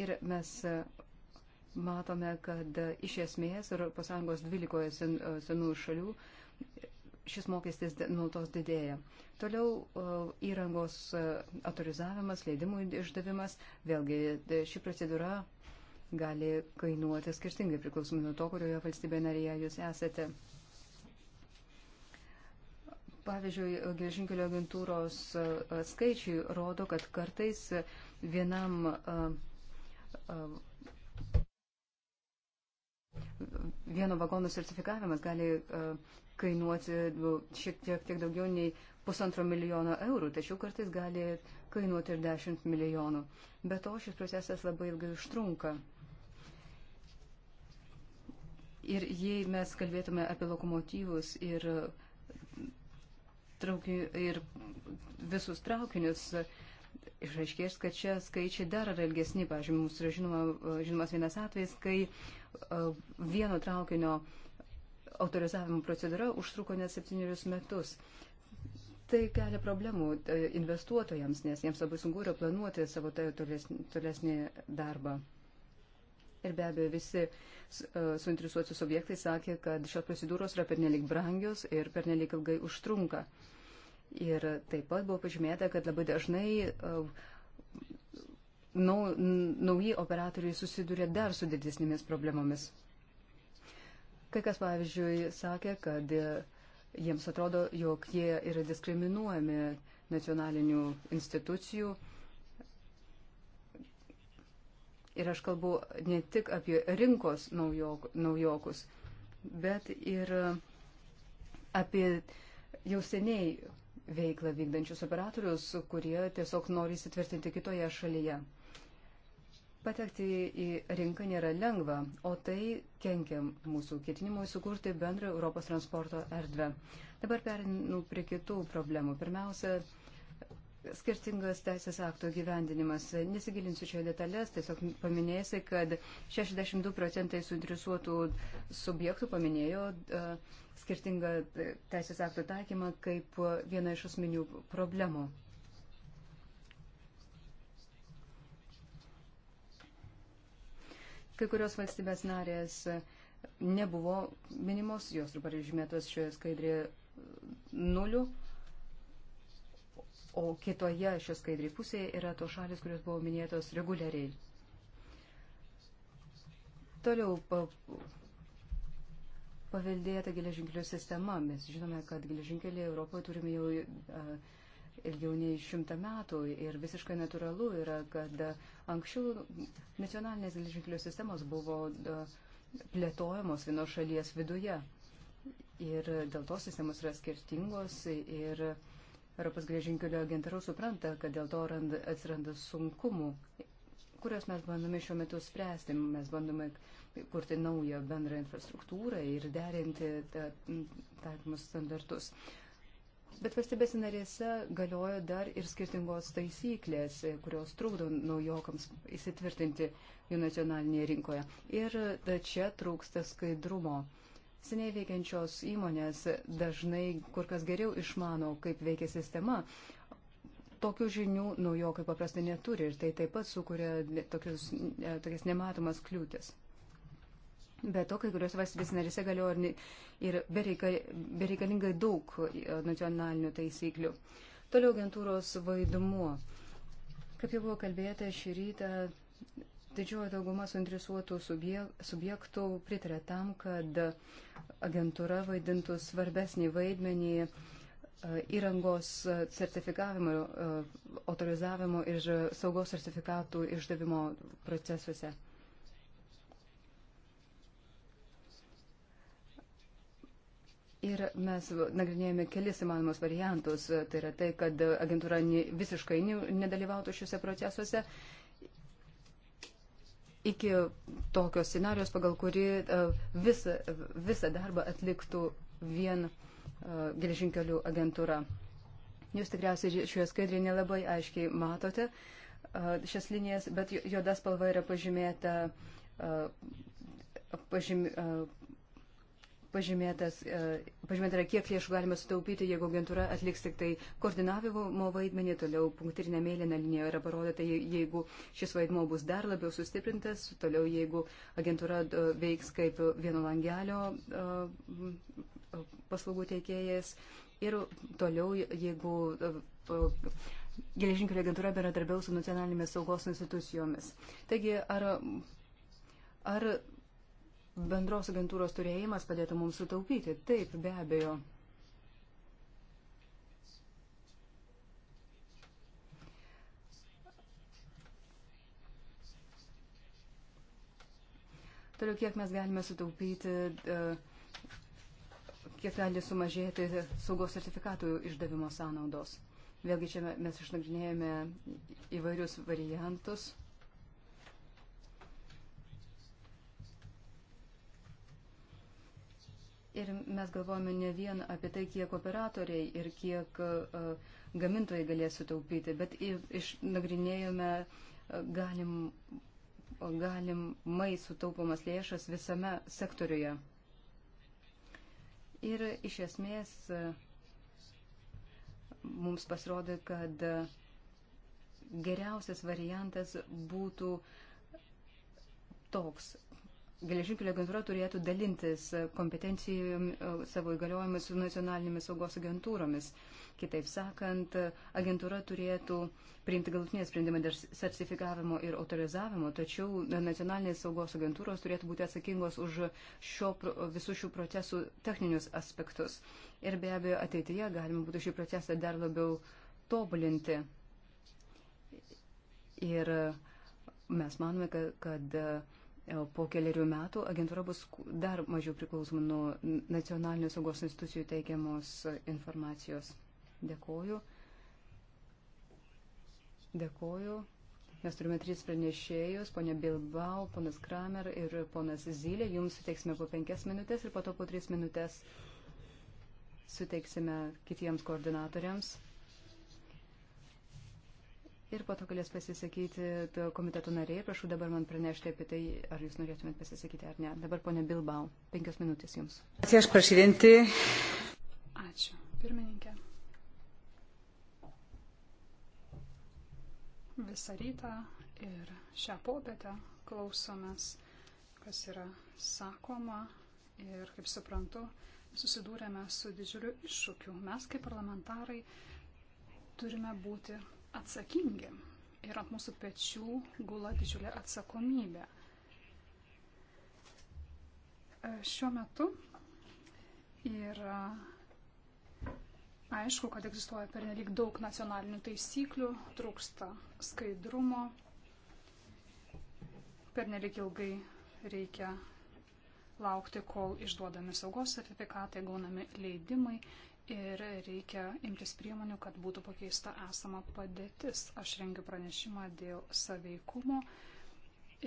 Ir mes e, matome, kad iš esmės ES 12 senų šalių šis mokestis nuolatos didėja. Toliau įrangos e, autorizavimas, leidimų išdavimas, vėlgi ši procedūra gali kainuoti skirtingai priklausomai nuo to, kurioje valstybėje narėje jūs esate. Pavyzdžiui, geležinkelio agentūros e, e, skaičiai rodo, kad kartais vienam, vieno vagono sertifikavimas gali kainuoti šiek tiek, tiek daugiau nei pusantro milijono eurų, tačiau kartais gali kainuoti ir 10 milijonų. Be to, šis procesas labai ilgai užtrunka. Ir jei mes kalbėtume apie lokomotyvus ir, trauki, ir visus traukinius, išaiškės, kad čia skaičiai dar yra ilgesni. Pavyzdžiui, mums yra žinoma, žinomas vienas atvejis, kai vieno traukinio uh, autorizavimo procedūra užtruko net septynerius metus. Tai kelia problemų e, investuotojams, nes jiems labai sunku yra planuoti savo tolesnį darbą. Ir be abejo visi e, suinteresuoti subjektai sakė, kad šios procedūros yra pernelik brangios ir pernelik ilgai užtrunka. Ir taip pat buvo pažymėta, kad labai dažnai e, nauji operatoriai susiduria dar su didesnėmis problemomis. Kai kas, pavyzdžiui, sakė, kad jiems atrodo, jog jie yra diskriminuojami nacionalinių institucijų. Ir aš kalbu ne tik apie rinkos naujok, naujokus, bet ir apie jau seniai veiklą vykdančius operatorius, kurie tiesiog nori įsitvirtinti kitoje šalyje. Patekti į rinką nėra lengva, o tai kenkia mūsų ketinimui sukurti bendrą Europos transporto erdvę. Dabar perinu prie kitų problemų. Pirmiausia, skirtingas teisės akto gyvendinimas. Nesigilinsiu čia detalės, tiesiog paminėsiu, kad 62 procentai suinteresuotų subjektų paminėjo e, skirtingą teisės akto taikymą kaip vieną iš asmenių problemų. kai kurios valstybės narės nebuvo minimos, jos dabar žymėtos šioje skaidrėje nuliu, o kitoje šios skaidrėje pusėje yra tos šalis, kurios buvo minėtos reguliariai. Toliau pa, paveldėta geležinkelių sistema. Mes žinome, kad geležinkeliai Europoje turime jau. Uh, ilgiau nei šimtą metų ir visiškai natūralu yra, kad anksčiau nacionalinės geležinkelių sistemos buvo plėtojamos vienos šalies viduje. Ir dėl to sistemos yra skirtingos ir Europos geležinkelio agentūra supranta, kad dėl to atsiranda sunkumų, kuriuos mes bandome šiuo metu spręsti. Mes bandome kurti naują bendrą infrastruktūrą ir derinti taikymus standartus. Bet valstybės narėse galioja dar ir skirtingos taisyklės, kurios trukdo naujokams įsitvirtinti jų nacionalinėje rinkoje. Ir čia trūksta skaidrumo. Seniai veikiančios įmonės dažnai kur kas geriau išmano, kaip veikia sistema. Tokių žinių naujokai paprastai neturi ir tai taip pat sukuria tokius, tokias nematomas kliūtis. Be to, kai kurios valstybės narėse galioja ir bereikalingai daug e, nacionalinių taisyklių. Toliau agentūros vaidmuo. Kaip jau buvo kalbėta šį rytą, didžioji dauguma suinteresuotų subjektų pritarė tam, kad agentūra vaidintų svarbesnį vaidmenį e, įrangos sertifikavimo, e, autorizavimo ir saugos sertifikatų išdavimo procesuose. Ir mes nagrinėjame kelis įmanomus variantus. Tai yra tai, kad agentūra visiškai nedalyvautų šiuose procesuose. Iki tokios scenarios, pagal kuri e, visą, visą darbą atliktų vien e, geležinkelių agentūra. Jūs tikriausiai šioje skaidrėje nelabai aiškiai matote e, šias linijas, bet juoda spalva yra pažymėta, pažymėta pažymėtas, e, pažymėta yra, kiek lėšų galima sutaupyti, jeigu agentūra atliks tik tai koordinavimo vaidmenį, toliau punktinė mėlyna linija yra parodyta, jeigu šis vaidmo bus dar labiau sustiprintas, toliau jeigu agentūra e, veiks kaip vieno langelio e, paslaugų teikėjas ir toliau jeigu geležinkelio agentūra bendradarbiaus su nacionalinėmis saugos institucijomis. Taigi, ar, ar bendros agentūros turėjimas padėtų mums sutaupyti. Taip, be abejo. Toliau, kiek mes galime sutaupyti, e, kiek gali sumažėti saugos sertifikatų išdavimo sąnaudos. Vėlgi čia mes išnagrinėjome įvairius variantus. Ir mes galvojame ne vien apie tai, kiek operatoriai ir kiek uh, gamintojai galės sutaupyti, bet išnagrinėjome e, galim, galimai sutaupomas lėšas visame sektoriuje. Ir iš esmės e, mums pasirodė, kad geriausias variantas būtų toks, geležinkelio agentūra turėtų dalintis kompetencijų e, savo įgaliojimus su nacionalinėmis saugos agentūromis. Kitaip sakant, agentūra turėtų priimti galutinį sprendimą dėl sertifikavimo ir autorizavimo, tačiau nacionalinės saugos agentūros turėtų būti atsakingos už šio, visų šių procesų techninius aspektus. Ir be abejo, ateityje galima būtų šį procesą dar labiau tobulinti. Ir mes manome, kad, kad E, po keliarių metų agentūra bus dar mažiau priklausoma nuo nacionalinio saugos institucijų teikiamos informacijos. Dėkoju. Dėkoju. Mes turime tris pranešėjus, ponia Bilbao, ponas Kramer ir ponas Zylė. Jums suteiksime po penkias minutės ir po to po tris minutės suteiksime kitiems koordinatoriams ir po to galės pasisakyti komiteto nariai. Prašau dabar man pranešti apie tai, ar jūs norėtumėt pasisakyti ar ne. Dabar ponė Bilbao, penkios minutės jums. Ačiū, prezidentė. Ačiū, pirmininkė. Visą rytą ir šią popietę klausomės, kas yra sakoma ir, kaip suprantu, susidūrėme su didžiuliu iššūkiu. Mes kaip parlamentarai turime būti atsakingi ir ant mūsų pečių gula didžiulė atsakomybė. E, šiuo metu yra aišku, kad egzistuoja pernelyg daug nacionalinių taisyklių, trūksta skaidrumo, pernelyg ilgai reikia laukti, kol išduodami saugos sertifikatai, gaunami leidimai ir reikia imtis priemonių, kad būtų pakeista esama padėtis. Aš rengiu pranešimą dėl saveikumo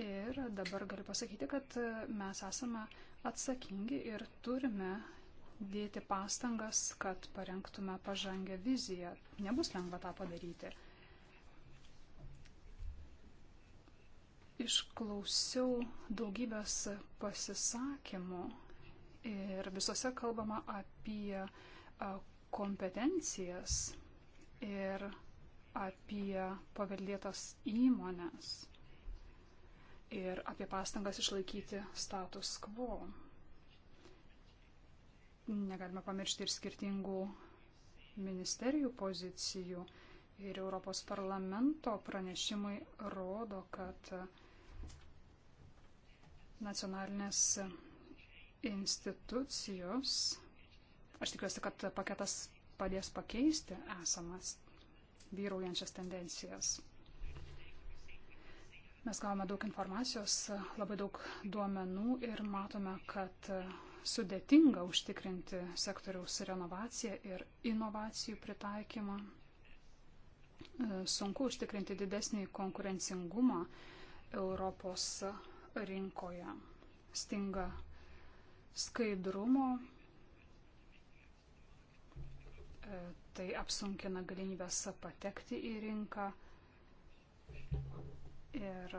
ir dabar galiu pasakyti, kad mes esame atsakingi ir turime dėti pastangas, kad parengtume pažangę viziją. Nebus lengva tą padaryti. Išklausiau daugybės pasisakymų ir visose kalbama apie uh, kompetencijas ir apie paveldėtas įmonės ir apie pastangas išlaikyti status quo. Negalime pamiršti ir skirtingų ministerijų pozicijų ir Europos parlamento pranešimai rodo, kad nacionalinės institucijos Aš tikiuosi, kad paketas padės pakeisti esamas vyraujančias tendencijas. Mes gavome daug informacijos, labai daug duomenų ir matome, kad sudėtinga užtikrinti sektoriaus renovaciją ir inovacijų pritaikymą. Sunku užtikrinti didesnį konkurencingumą Europos rinkoje. Stinga skaidrumo tai apsunkina galimybės patekti į rinką. Ir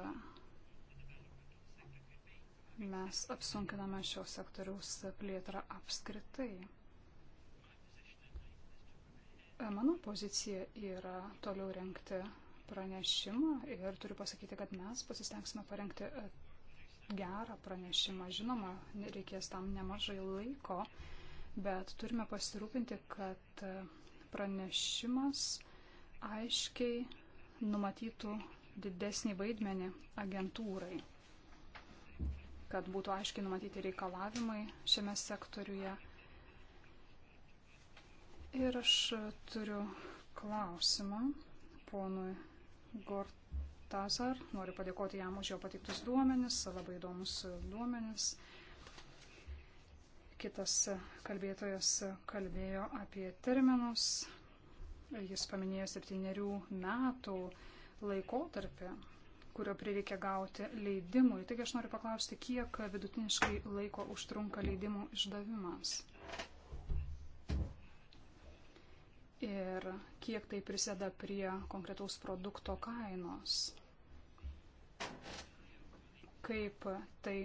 mes apsunkiname šio sektoriaus plėtrą apskritai. Mano pozicija yra toliau renkti pranešimą ir turiu pasakyti, kad mes pasistengsime parengti e, gerą pranešimą. Žinoma, reikės tam nemažai laiko bet turime pasirūpinti, kad pranešimas aiškiai numatytų didesnį vaidmenį agentūrai, kad būtų aiškiai numatyti reikalavimai šiame sektoriuje. Ir aš turiu klausimą ponui Gortazar. Noriu padėkoti jam už jo pateiktus duomenis, labai įdomus duomenis. Kitas kalbėtojas kalbėjo apie terminus. Jis paminėjo septyniarių metų laikotarpį, kurio prireikia gauti leidimui. Taigi aš noriu paklausti, kiek vidutiniškai laiko užtrunka leidimų išdavimas. Ir kiek tai prisėda prie konkretaus produkto kainos. Kaip tai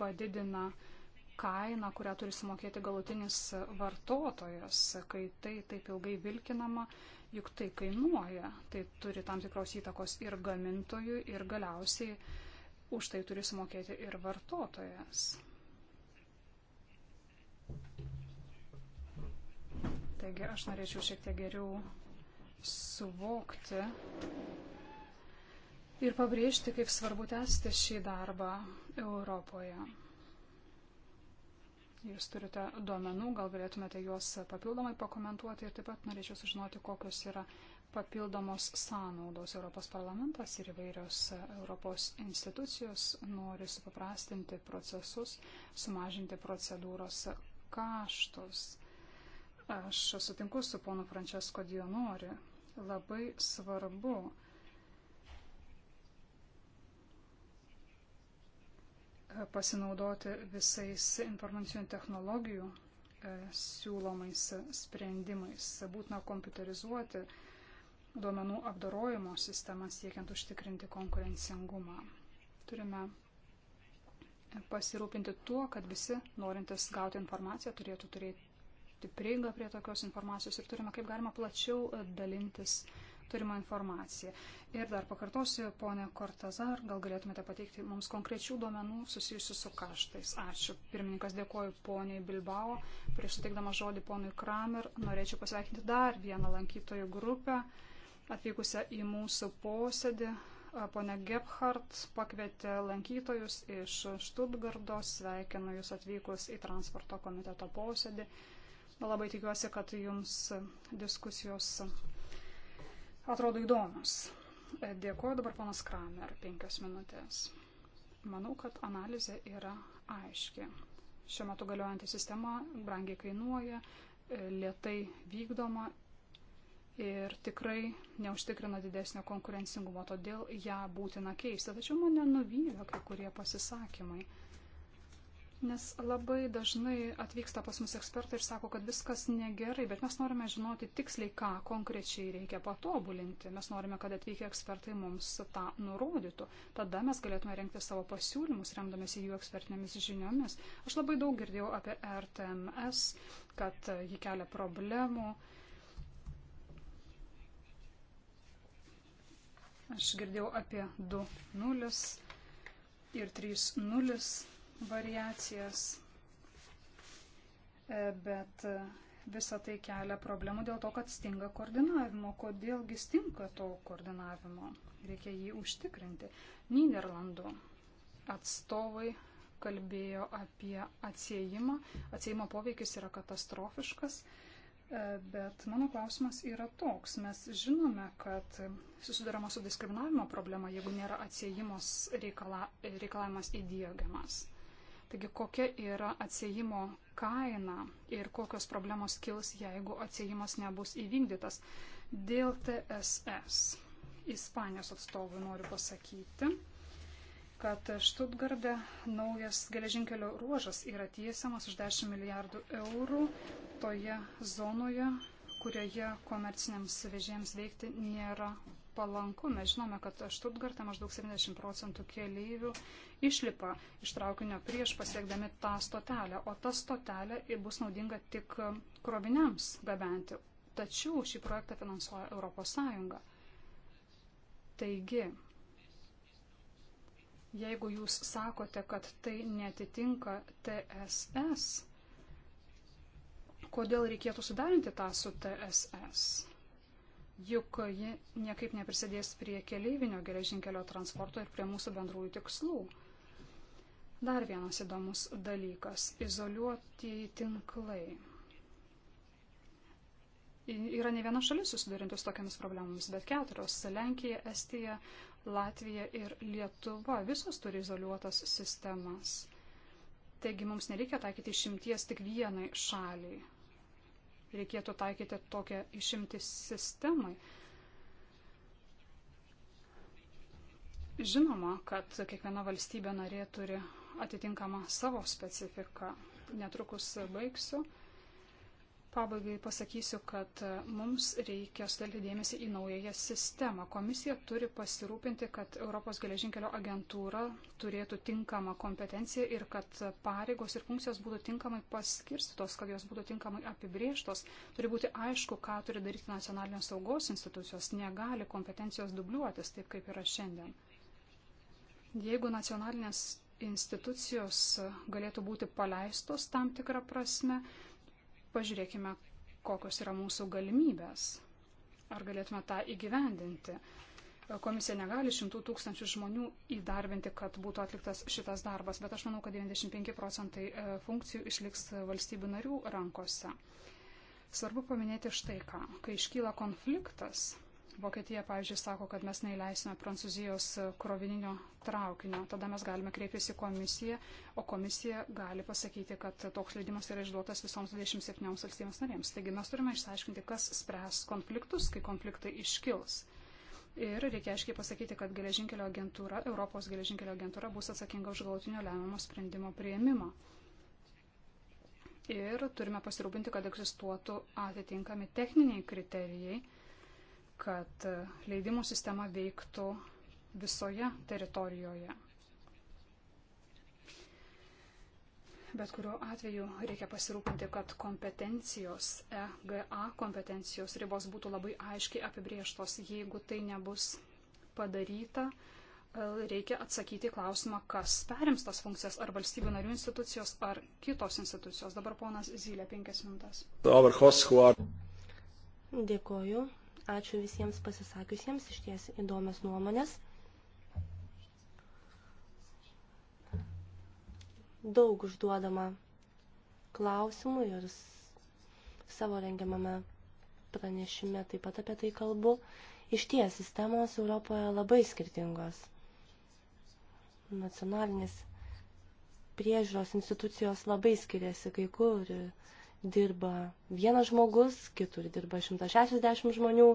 padidina uh, kainą, kurią turi sumokėti galutinis vartotojas, kai tai taip ilgai vilkinama, juk tai kainuoja, tai turi tam tikros įtakos ir gamintojui, ir galiausiai už tai turi sumokėti ir vartotojas. Taigi aš norėčiau šiek tiek geriau suvokti ir pabrėžti, kaip svarbu tęsti šį darbą Europoje jūs turite duomenų, gal galėtumėte juos papildomai pakomentuoti ir taip pat norėčiau sužinoti, kokios yra papildomos sąnaudos. Europos parlamentas ir įvairios Europos institucijos nori supaprastinti procesus, sumažinti procedūros kaštus. Aš sutinku su ponu Francesko Dionori. Labai svarbu pasinaudoti visais informacinių technologijų e, siūlomais sprendimais. Būtina kompiuterizuoti duomenų apdarojimo sistemą siekiant užtikrinti konkurencingumą. Turime pasirūpinti tuo, kad visi norintis gauti informaciją turėtų turėti prieigą prie tokios informacijos ir turime kaip galima plačiau e, dalintis informaciją turimą informaciją. Ir dar pakartosiu, ponė Kortazar, gal galėtumėte pateikti mums konkrečių duomenų susijusių su kaštais. Ačiū. Pirmininkas dėkoju poniai Bilbao. Prieš suteikdama žodį ponui Kramer, norėčiau pasveikinti dar vieną lankytojų grupę atvykusią į mūsų posėdį. Pone Gebhardt pakvietė lankytojus iš Štutgardo, sveikinu Jūs atvykus į transporto komiteto posėdį. Labai tikiuosi, kad Jums diskusijos atrodo įdomus. E, dėkuoju dabar ponas Kramer, penkios minutės. Manau, kad analizė yra aiški. Šiuo metu galiojantį sistemą brangiai kainuoja, e, lietai vykdoma ir tikrai neužtikrina didesnio konkurencingumo, todėl ją būtina keisti. Tačiau mane nuvylė kai kurie pasisakymai. Nes labai dažnai atvyksta pas mus ekspertai ir sako, kad viskas negerai, bet mes norime žinoti tiksliai, ką konkrečiai reikia patobulinti. Mes norime, kad atvykę ekspertai mums tą nurodytų. Tada mes galėtume renkti savo pasiūlymus, remdamėsi jų ekspertinėmis žiniomis. Aš labai daug girdėjau apie RTMS, kad jį kelia problemų. Aš girdėjau apie 2.0 ir 3.0 variacijas, e, bet e, visa tai kelia problemų dėl to, kad stinga koordinavimo. Kodėlgi stinga to koordinavimo? Reikia jį užtikrinti. Niderlandų atstovai kalbėjo apie atsiejimą. Atsiejimo poveikis yra katastrofiškas. E, bet mano klausimas yra toks. Mes žinome, kad susidurama su diskriminavimo problema, jeigu nėra atsiejimos reikala, reikalavimas įdiegiamas. Taigi kokia yra atsėjimo kaina ir kokios problemos kils, jeigu atsėjimas nebus įvykdytas. Dėl TSS Ispanijos atstovui noriu pasakyti, kad Štutgarde naujas geležinkelio ruožas yra tiesiamas už 10 milijardų eurų toje zonoje, kurioje komerciniams vežėjams veikti nėra palanku. Mes žinome, kad Štutgarte maždaug 70 procentų keleivių išlipa iš traukinio prieš pasiekdami tą stotelę, o ta stotelė bus naudinga tik kroviniams gabenti. Tačiau šį projektą finansuoja ES. Taigi, jeigu jūs sakote, kad tai netitinka TSS, kodėl reikėtų sudarinti tą su TSS? juk ji niekaip neprisidės prie keleivinio geležinkelio transporto ir prie mūsų bendrųjų tikslų. Dar vienas įdomus dalykas - izoliuoti tinklai. Yra ne viena šalis susidurintis tokiamis problemomis, bet keturios - Lenkija, Estija, Latvija ir Lietuva. Visos turi izoliuotas sistemas. Taigi mums nereikia taikyti išimties tik vienai šaliai reikėtų taikyti tokią išimtį sistemai. Žinoma, kad kiekviena valstybė narė turi atitinkamą savo specifiką. Netrukus baigsiu. Pabaigai pasakysiu, kad e, mums reikia sutelkti dėmesį į naująją sistemą. Komisija turi pasirūpinti, kad Europos geležinkelio agentūra turėtų tinkamą kompetenciją ir kad pareigos ir funkcijos būtų tinkamai paskirstytos, kad jos būtų tinkamai apibrieštos. Turi būti aišku, ką turi daryti nacionalinės saugos institucijos. Negali kompetencijos dubliuotis taip, kaip yra šiandien. Jeigu nacionalinės institucijos galėtų būti paleistos tam tikrą prasme, pažiūrėkime, kokios yra mūsų galimybės. Ar galėtume tą įgyvendinti? Komisija negali šimtų tūkstančių žmonių įdarbinti, kad būtų atliktas šitas darbas, bet aš manau, kad 95 procentai e, funkcijų išliks valstybių narių rankose. Svarbu paminėti štai ką. Kai iškyla konfliktas, Vokietija, pavyzdžiui, sako, kad mes neįleisime Prancūzijos e, krovininio traukinio. Tada mes galime kreiptis į komisiją, o komisija gali pasakyti, kad toks leidimas yra išduotas visoms 27 valstybėms narėms. Taigi mes turime išsiaiškinti, kas spręs konfliktus, kai konfliktai iškils. Ir reikia aiškiai pasakyti, kad geležinkelio agentūra, Europos geležinkelio agentūra bus atsakinga už galutinio lemiamo sprendimo prieimimą ir turime pasirūpinti, kad egzistuotų atitinkami techniniai kriterijai, kad leidimų sistema veiktų visoje teritorijoje. Bet kuriuo atveju reikia pasirūpinti, kad kompetencijos, EGA kompetencijos ribos būtų labai aiškiai apibrieštos. Jeigu tai nebus padaryta, reikia atsakyti klausimą, kas perims tas funkcijas, ar valstybių narių institucijos, ar kitos institucijos. Dabar ponas Zylė, penkias minutės. Dėkoju. Ačiū visiems pasisakiusiems, iš ties įdomias nuomonės. Daug užduodama klausimų ir savo rengiamame pranešime taip pat apie tai kalbu. Iš ties sistemos Europoje labai skirtingos. Nacionalinės priežiūros institucijos labai skiriasi kai kur. Ir dirba vienas žmogus, kitur dirba 160 žmonių.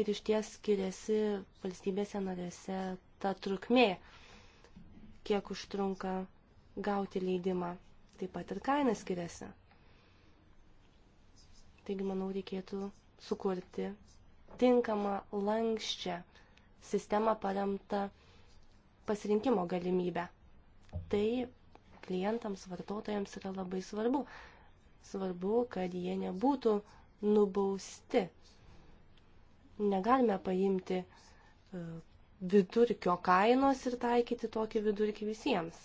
Ir iš ties skiriasi valstybėse narėse ta trukmė, kiek užtrunka gauti leidimą. Taip pat ir kaina skiriasi. Taigi, manau, reikėtų sukurti tinkamą lankščią sistemą paremtą pasirinkimo galimybę. Tai klientams, vartotojams yra labai svarbu. Svarbu, kad jie nebūtų nubausti. Negalime paimti e, vidurkio kainos ir taikyti tokį vidurkį visiems.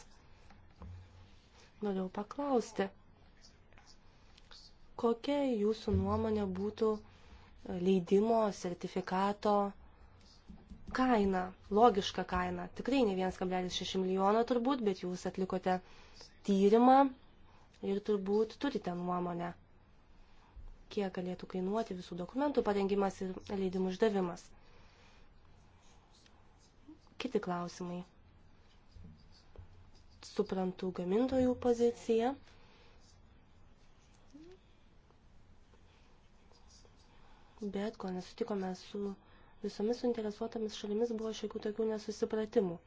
Norėjau paklausti, kokia jūsų nuomonė būtų e, leidimo sertifikato kaina, logiška kaina. Tikrai ne 1,6 milijono turbūt, bet jūs atlikote tyrimą ir turbūt turite nuomonę, kiek galėtų kainuoti visų dokumentų parengimas ir leidimų išdavimas. Kiti klausimai. Suprantu gamintojų poziciją. Bet kol nesutikome su visomis suinteresuotomis šalimis, buvo šiokių tokių nesusipratimų.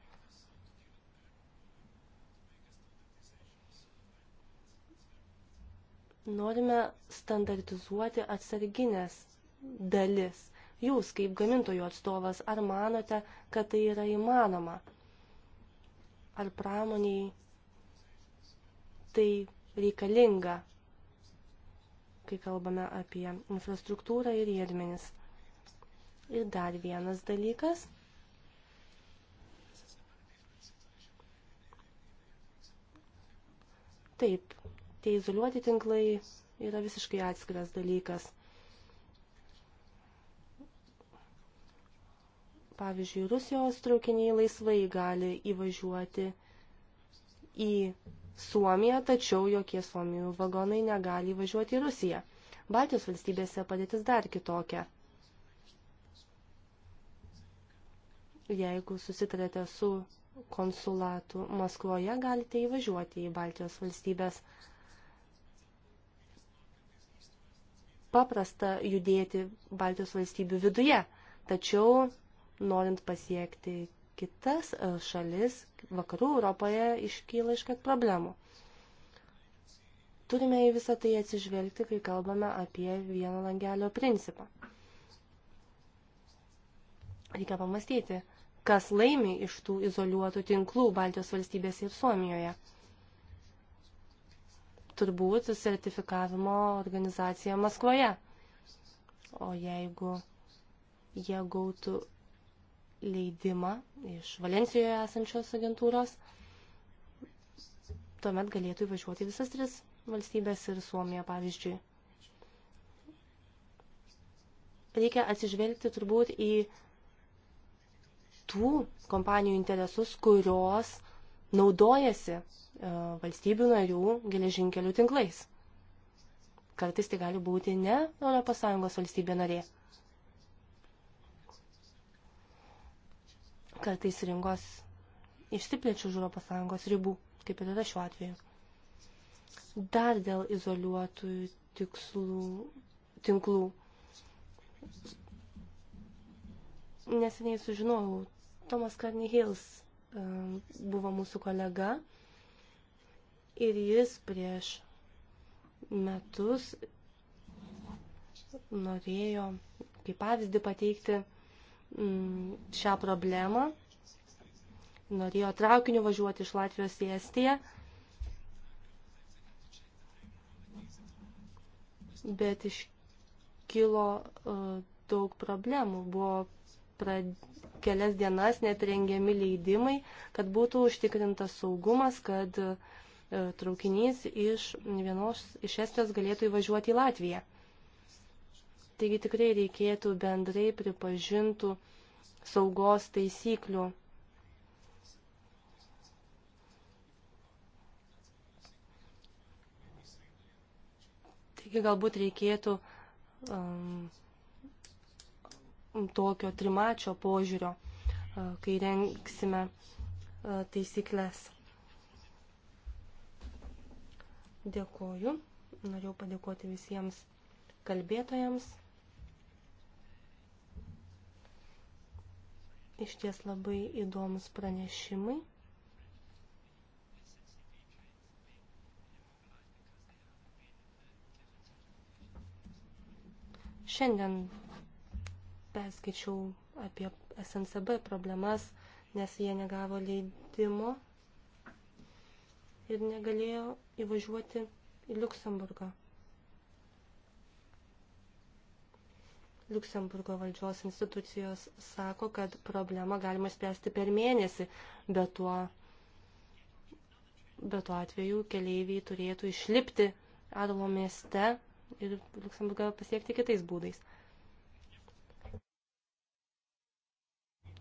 Norime standartizuoti atsarginės dalis. Jūs, kaip gamintojų atstovas, ar manote, kad tai yra įmanoma? Ar pramoniai tai reikalinga, kai kalbame apie infrastruktūrą ir riedmenis? Ir dar vienas dalykas. Taip, tie izoliuoti tinklai yra visiškai atskiras dalykas. Pavyzdžiui, Rusijos traukiniai laisvai gali įvažiuoti į Suomiją, tačiau jokie Suomijų vagonai negali įvažiuoti į Rusiją. Baltijos valstybėse padėtis dar kitokia. Jeigu susitarėte su konsulatu Maskvoje, galite įvažiuoti į Baltijos valstybės. paprasta judėti Baltijos valstybių viduje, tačiau norint pasiekti kitas e, šalis, vakarų Europoje iškyla iškart problemų. Turime į visą tai atsižvelgti, kai kalbame apie vieno langelio principą. Reikia pamastyti, kas laimi iš tų izoliuotų tinklų Baltijos valstybėse ir Suomijoje – turbūt sertifikavimo organizacija Maskvoje. O jeigu jie gautų leidimą iš Valencijoje esančios agentūros, tuomet galėtų įvažiuoti visas tris valstybės ir Suomija, pavyzdžiui. Reikia atsižvelgti turbūt į tų kompanijų interesus, kurios naudojasi E, valstybių narių geležinkelių tinklais. Kartais tai gali būti ne ES valstybė narė. Kartais rinkos išsiplečia už ES ribų, kaip ir yra šiuo atveju. Dar dėl izoliuotųjų tikslų, tinklų. Neseniai sužinojau, Tomas Carney Hills e, buvo mūsų kolega ir jis prieš metus norėjo kaip pavyzdį pateikti mm, šią problemą. Norėjo traukiniu važiuoti iš Latvijos į Estiją. Bet iškilo e, daug problemų. Buvo prad... kelias dienas net rengiami leidimai, kad būtų užtikrintas saugumas, kad uh, E, traukinys iš vienos iš Estijos galėtų įvažiuoti į Latviją. Taigi tikrai reikėtų bendrai pripažintų saugos taisyklių. Taigi galbūt reikėtų um, tokio trimačio požiūrio, uh, kai renksime uh, taisyklės. Dėkuoju. Norėjau padėkoti visiems kalbėtojams. Iš ties labai įdomus pranešimai. Šiandien perskaičiau apie SNCB problemas, nes jie negavo leidimo ir negalėjo įvažiuoti į Luksemburgą. Luksemburgo valdžios institucijos sako, kad problemą galima spręsti per mėnesį, bet tuo, bet tuo atveju keleiviai turėtų išlipti Adalo mieste ir Luksemburgą pasiekti kitais būdais.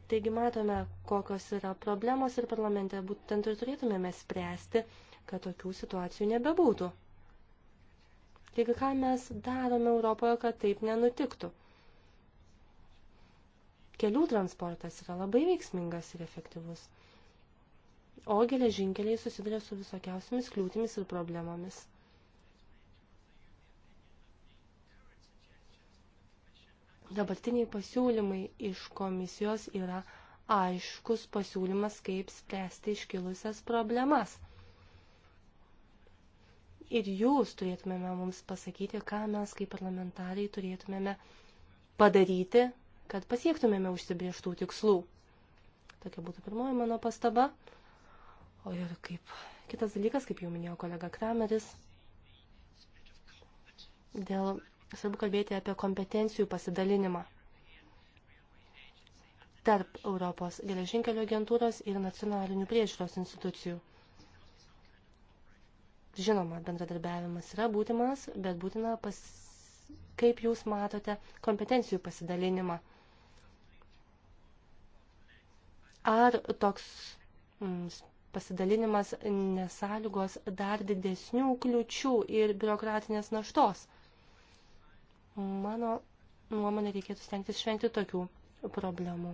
Taigi matome, kokios yra problemos ir parlamente būtent ir turėtumėme spręsti, kad tokių situacijų nebebūtų. Taigi ką mes darome Europoje, kad taip nenutiktų? Kelių transportas yra labai veiksmingas ir efektyvus, o geležinkeliai susiduria su visokiausiamis kliūtimis ir problemomis. dabartiniai pasiūlymai iš komisijos yra aiškus pasiūlymas, kaip spręsti iškilusias problemas. Ir jūs turėtumėme mums pasakyti, ką mes kaip parlamentariai turėtumėme padaryti, kad pasiektumėme užsibrieštų tikslų. Tokia būtų pirmoji mano pastaba. O ir kaip kitas dalykas, kaip jau minėjo kolega Krameris, dėl svarbu kalbėti apie kompetencijų pasidalinimą tarp Europos geležinkelio agentūros ir nacionalinių priežiūros institucijų. Žinoma, bendradarbiavimas yra būtimas, bet būtina, pas... kaip jūs matote, kompetencijų pasidalinimą. Ar toks mm, pasidalinimas nesąlygos dar didesnių kliučių ir biurokratinės naštos? Mano nuomonė reikėtų stengtis šventi tokių problemų.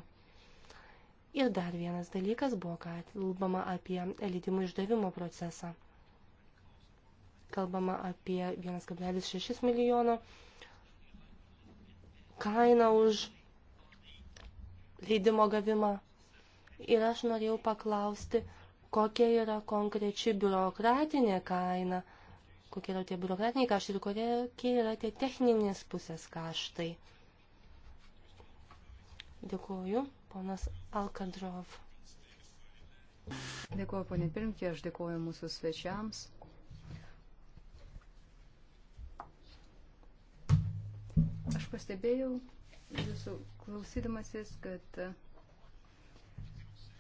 Ir dar vienas dalykas buvo, kad kalbama apie leidimų išdavimo procesą. Kalbama apie 1,6 milijono kainą už leidimo gavimą. Ir aš norėjau paklausti, kokia yra konkreči biurokratinė kaina kokie yra tie biurokratiniai kaštai ir kokie yra tie techninės pusės kaštai. Dėkuoju, ponas Alkadrov. Dėkuoju, ponė Pirmkė, aš dėkuoju mūsų svečiams. Aš pastebėjau jūsų klausydamasis, kad,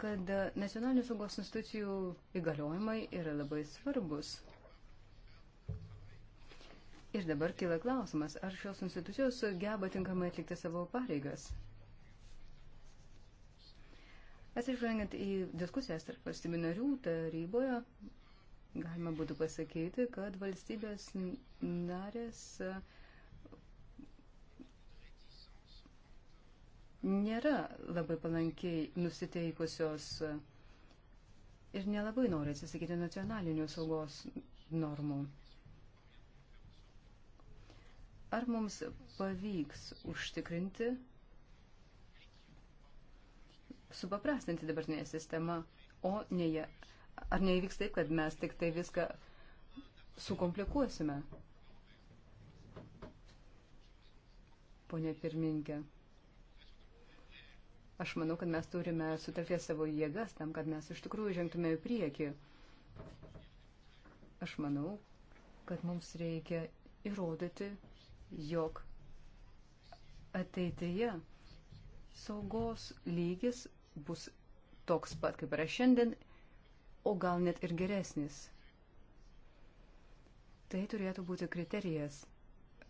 kad nacionalinių saugos institucijų įgaliojimai yra labai svarbus. Ir dabar kyla klausimas, ar šios institucijos geba tinkamai atlikti savo pareigas. Atsižvelgiant į diskusijas tarp valstybių narių taryboje, galima būtų pasakyti, kad valstybės narės uh, nėra labai palankiai nusiteikusios ir nelabai nori atsisakyti nacionalinių saugos normų. Ar mums pavyks užtikrinti, supaprastinti dabartinę sistemą, o ne ją? Ar neįvyks taip, kad mes tik tai viską sukomplikuosime? Pone pirmininkė. Aš manau, kad mes turime sutelkę savo jėgas tam, kad mes iš tikrųjų žengtume į priekį. Aš manau, kad mums reikia įrodyti, jog ateityje saugos lygis bus toks pat, kaip yra šiandien, o gal net ir geresnis. Tai turėtų būti kriterijas,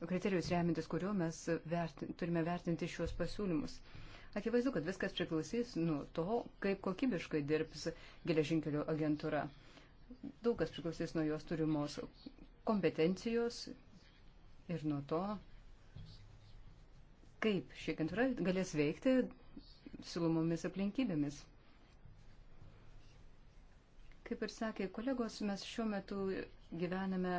kriterijus remintis, kuriuo mes vertin, turime vertinti šiuos pasiūlymus. Akivaizdu, kad viskas priklausys nuo to, kaip kokybiškai dirbs geležinkelio agentūra. Daug kas priklausys nuo jos turimos kompetencijos ir nuo to, kaip ši agentūra galės veikti siūlomomis aplinkybėmis. Kaip ir sakė kolegos, mes šiuo metu gyvename,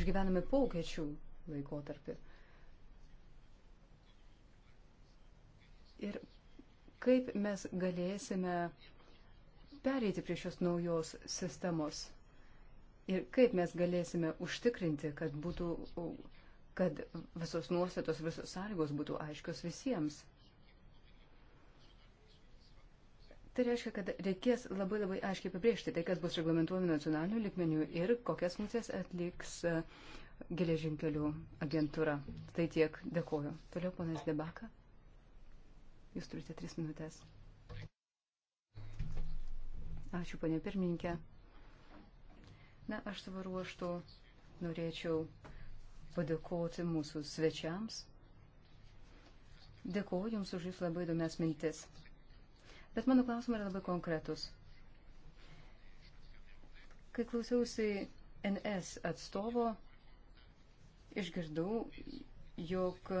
išgyvename paukėčių laikotarpį. Ir kaip mes galėsime pereiti prie šios naujos sistemos ir kaip mes galėsime užtikrinti, kad, būtų, kad visos nuostatos, visos sąlygos būtų aiškios visiems. Tai reiškia, kad reikės labai labai aiškiai apibriežti tai, kas bus reglamentuojami nacionaliniu lygmeniu ir kokias funkcijas atliks e, geležinkelių agentūra. Tai tiek, dėkoju. Toliau ponas Debaka. Jūs turite tris minutės. Ačiū, ponė pirmininkė. Na, aš savo ruoštų norėčiau padėkoti mūsų svečiams. Dėkuoju Jums už Jūsų labai įdomias mintis. Bet mano klausimai yra labai konkretus. Kai klausiausi NS atstovo, išgirdau, jog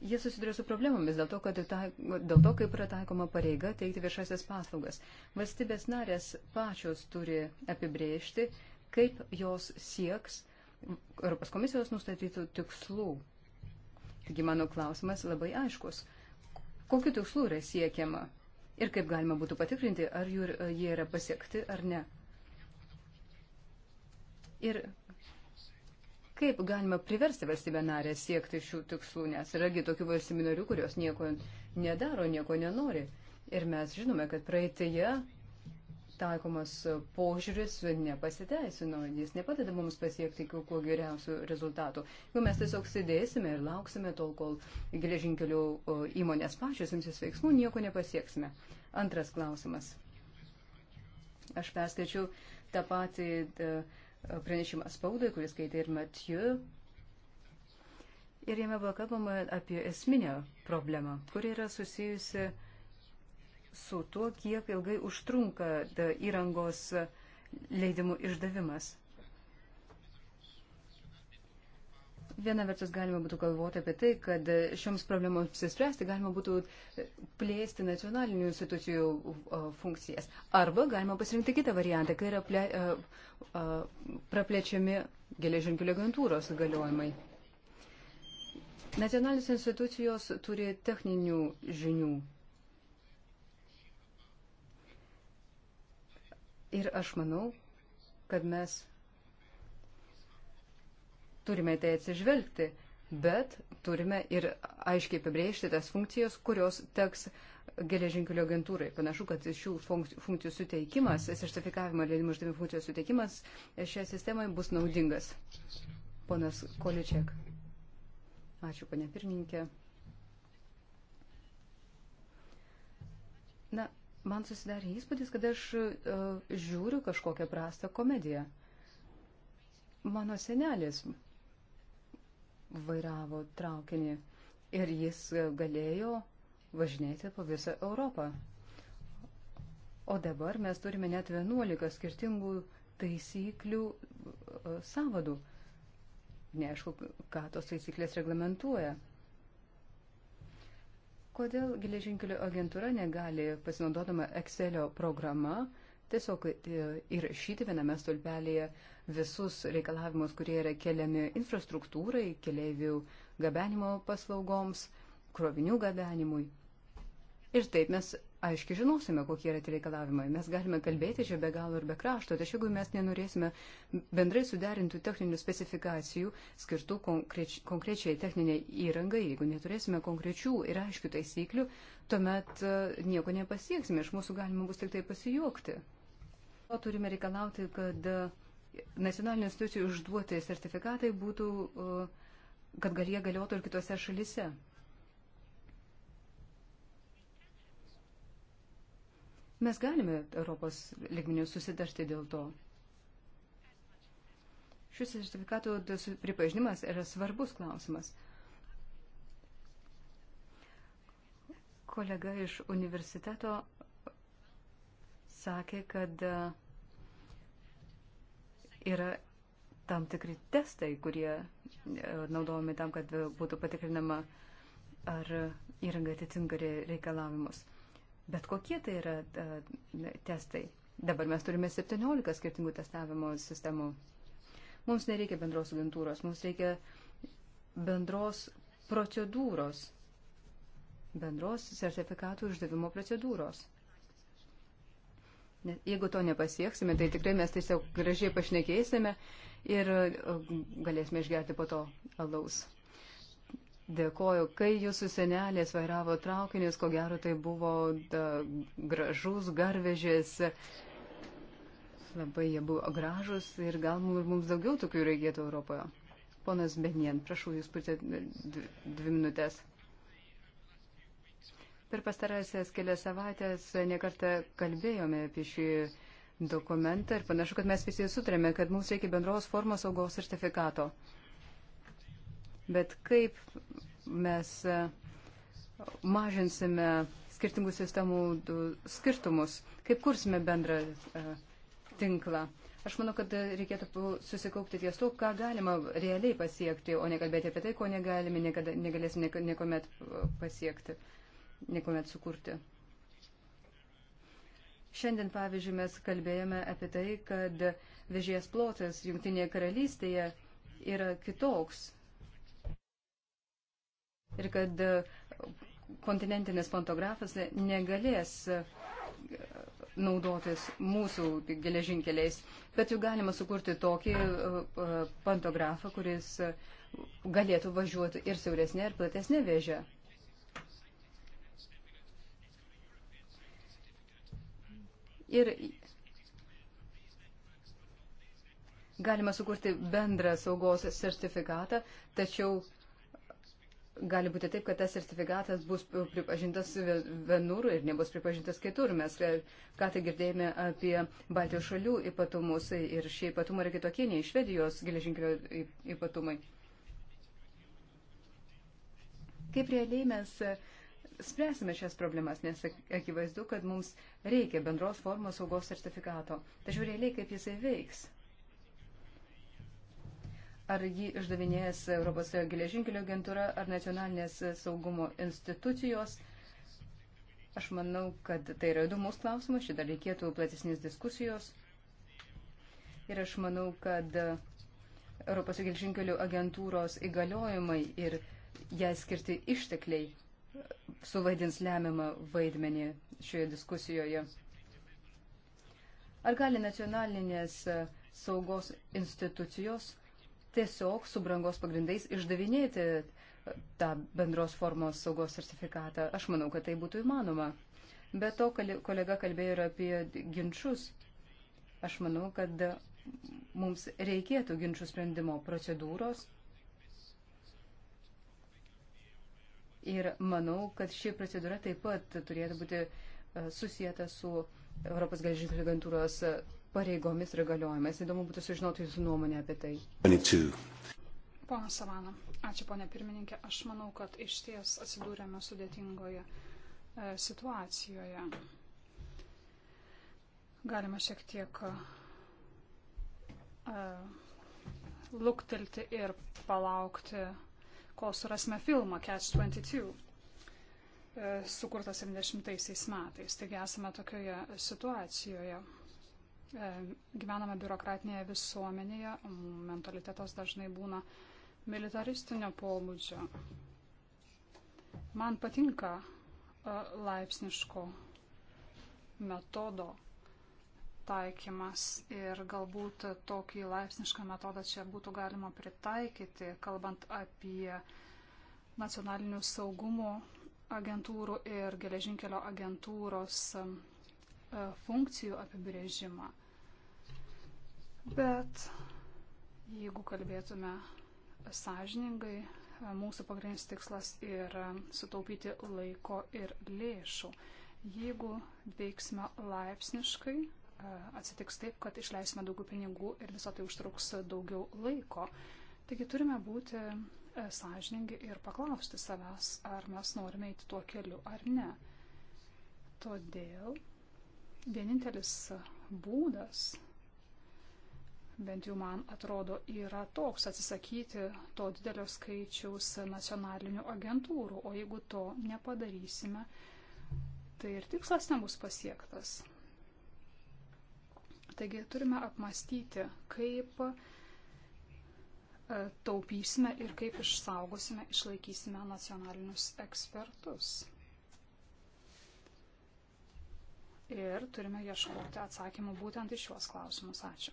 jie susiduria su problemomis dėl to, kad, tai tai, dėl to, kaip yra taikoma pareiga teikti viešasias paslaugas. Valstybės narės pačios turi apibriežti, kaip jos sieks Europos komisijos nustatytų tikslų. Taigi mano klausimas labai aiškus. Kokiu tikslu yra siekiama ir kaip galima būtų patikrinti, ar jų, jie yra pasiekti ar ne. Ir Kaip galima priversti valstybę narę siekti šių tikslų, nes yragi tokių valstybių narių, kurios nieko nedaro, nieko nenori. Ir mes žinome, kad praeitėje taikomas požiūris nepasiteisino, jis nepadeda mums pasiekti kuo geriausių rezultatų. Jeigu mes tiesiog sėdėsime ir lauksime tol, kol geležinkelių įmonės pačios imsis veiksmų, nieko nepasieksime. Antras klausimas. Aš perskaičiau tą patį. Uh, pranešimą spaudai, kuris skaitė ir Matiju. Ir jame buvo kalbama apie esminę problemą, kuri yra susijusi su tuo, kiek ilgai užtrunka įrangos leidimų išdavimas. Viena vertus galima būtų galvoti apie tai, kad šioms problemoms apsispręsti galima būtų plėsti nacionalinių institucijų funkcijas. Arba galima pasirinkti kitą variantą, kai yra ple, a, e, a, praplečiami geležinkelių agentūros galiojimai. Nacionalinės institucijos turi techninių žinių. Ir aš manau, kad mes turime tai atsižvelgti, bet turime ir aiškiai apibrėžti tas funkcijas, kurios teks geležinkelio agentūrai. Panašu, kad šių funkcijų suteikimas, sertifikavimo leidimų išdavimo funkcijų suteikimas šią sistemą bus naudingas. Ponas Količiak. Ačiū, ponė pirmininkė. Na, man susidarė įspūdis, kad aš uh, žiūriu kažkokią prastą komediją. Mano senelis vairavo traukinį ir jis galėjo važinėti po visą Europą. O dabar mes turime net 11 skirtingų taisyklių e, savadų. Neaišku, ką tos taisyklės reglamentuoja. Kodėl geležinkelio agentūra negali, pasinaudodama Excelio programą, tiesiog e, įrašyti viename stulpelėje visus reikalavimus, kurie yra keliami infrastruktūrai, keliaivių gabenimo paslaugoms, krovinių gabenimui. Ir taip mes aiškiai žinosime, kokie yra tie reikalavimai. Mes galime kalbėti čia be galo ir be krašto, tačiau jeigu mes nenorėsime bendrai suderintų techninių specifikacijų skirtų konkreč, konkrečiai techniniai įrangai, jeigu neturėsime konkrečių ir aiškių taisyklių, tuomet e, nieko nepasieksime, iš mūsų galima bus tik tai pasijuokti. To turime reikalauti, kad e, nacionalinių institucijų užduoti sertifikatai būtų, e, kad gal jie galiotų ir kitose šalise. Mes galime Europos lygmenių susidarti dėl to. Šių sertifikatų pripažinimas yra svarbus klausimas. Kolega iš universiteto sakė, kad e, yra tam tikri testai, kurie e, naudojami tam, kad būtų patikrinama, ar įranga atitinka reikalavimus. Bet kokie tai yra e, testai? Dabar mes turime 17 skirtingų testavimo sistemų. Mums nereikia bendros agentūros, mums reikia bendros procedūros, bendros sertifikatų išdavimo procedūros. Jeigu to nepasieksime, tai tikrai mes tiesiog gražiai pašnekėsime ir e, galėsime išgerti po to alaus. Dėkoju, kai jūsų senelės vairavo traukinius, ko gero tai buvo da, gražus garvežės. Labai jie buvo gražus ir gal mums daugiau tokių reikėtų Europoje. Ponas Benien, prašau, jūs putėt dvi, dvi minutės. Per pastarąsias kelias savaitės nekartą kalbėjome apie šį dokumentą ir panašu, kad mes visi sutarėme, kad mums reikia bendros formos saugos sertifikato. Bet kaip mes e, mažinsime skirtingų sistemų skirtumus, kaip kursime bendrą e, tinklą. Aš manau, kad reikėtų susikaupti ties to, ką galima realiai pasiekti, o ne kalbėti apie tai, ko negalime, niekada, negalėsime niekuomet pasiekti. Uh, niekuomet sukurti. Šiandien, pavyzdžiui, mes kalbėjome apie tai, kad vežėjas plotas Junktinėje karalystėje yra kitoks. Ir kad kontinentinis pantografas negalės naudotis mūsų geležinkeliais, bet jau galima sukurti tokį e, e, pantografą, kuris galėtų važiuoti ir siauresnė, ir platesnė vėžė. Ir galima sukurti bendrą saugos sertifikatą, tačiau gali būti taip, kad tas sertifikatas bus pripažintas vienur ir nebus pripažintas kitur. Mes ką tai girdėjome apie Baltijos šalių ypatumus ir šie ypatumai yra kitokie nei Švedijos geležinkelio ypatumai. Kaip realiai mes uh, spręsime šias problemas, nes akivaizdu, kad mums reikia bendros formos saugos sertifikato. Tačiau realiai kaip jisai veiks? Ar jį išdavinės Europos geležinkelio agentūra ar nacionalinės saugumo institucijos? Aš manau, kad tai yra įdomus klausimas, šitą reikėtų platesnės diskusijos. Ir aš manau, kad Europos geležinkelių agentūros įgaliojimai ir jai skirti ištekliai suvaidins lemiamą vaidmenį šioje diskusijoje. Ar gali nacionalinės e, saugos institucijos tiesiog su brangos pagrindais išdavinėti e, tą bendros formos saugos sertifikatą? Aš manau, kad tai būtų įmanoma. Be to, kolega kalbėjo ir apie ginčius. Aš manau, kad mums reikėtų ginčių sprendimo procedūros Ir manau, kad ši procedūra taip pat turėtų būti e, susijęta su Europos geležinkelių agentūros e, pareigomis ir galiojimais. Įdomu būtų sužinoti jūsų nuomonę apie tai. 22. Pona Savana, ačiū ponė pirmininkė. Aš manau, kad iš ties atsidūrėme sudėtingoje e, situacijoje. Galima šiek tiek e, e luktelti ir palaukti ko surasime filmą Catch 22, sukurtas 70-aisiais metais. Taigi esame tokioje situacijoje. E, gyvename biurokratinėje visuomenėje, mentalitetas dažnai būna militaristinio pobūdžio. Man patinka e, laipsniško metodo taikymas ir galbūt tokį laipsnišką metodą čia būtų galima pritaikyti, kalbant apie nacionalinių saugumo agentūrų ir geležinkelio agentūros um, e, funkcijų apibrėžimą. Bet jeigu kalbėtume sąžiningai, e, mūsų pagrindinis tikslas yra sutaupyti laiko ir lėšų. Jeigu veiksime laipsniškai, atsitiks taip, kad išleisime daugiau pinigų ir visą tai užtruks daugiau laiko. Taigi turime būti e, sąžiningi ir paklausti savęs, ar mes norime eiti tuo keliu ar ne. Todėl vienintelis būdas, bent jau man atrodo, yra toks atsisakyti to didelio skaičiaus nacionalinių agentūrų, o jeigu to nepadarysime, tai ir tikslas nebus pasiektas. Taigi turime apmastyti, kaip e, taupysime ir kaip išsaugosime, išlaikysime nacionalinius ekspertus. Ir turime ieškoti atsakymų būtent iš juos klausimus. Ačiū.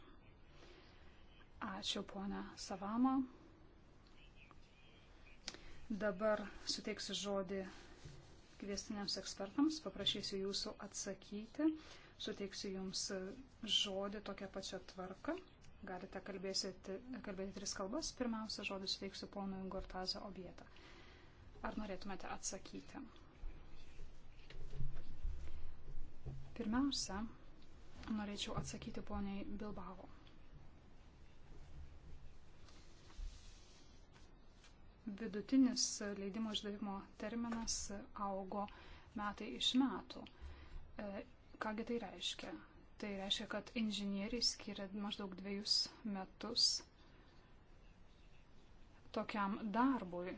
Ačiū, ponia Savama. Dabar suteiksiu žodį kviestiniams ekspertams, paprašysiu jūsų atsakyti suteiksiu Jums e, žodį tokią pačią tvarką. Galite kalbėti, kalbėti tris kalbas. Pirmiausia, žodį suteiksiu ponui Gortazą objektą. Ar norėtumėte atsakyti? Pirmiausia, norėčiau atsakyti poniai Bilbao. Vidutinis leidimo išdavimo terminas augo metai iš metų e, Kągi tai reiškia? Tai reiškia, kad inžinieriai skiria maždaug dviejus metus tokiam darbui.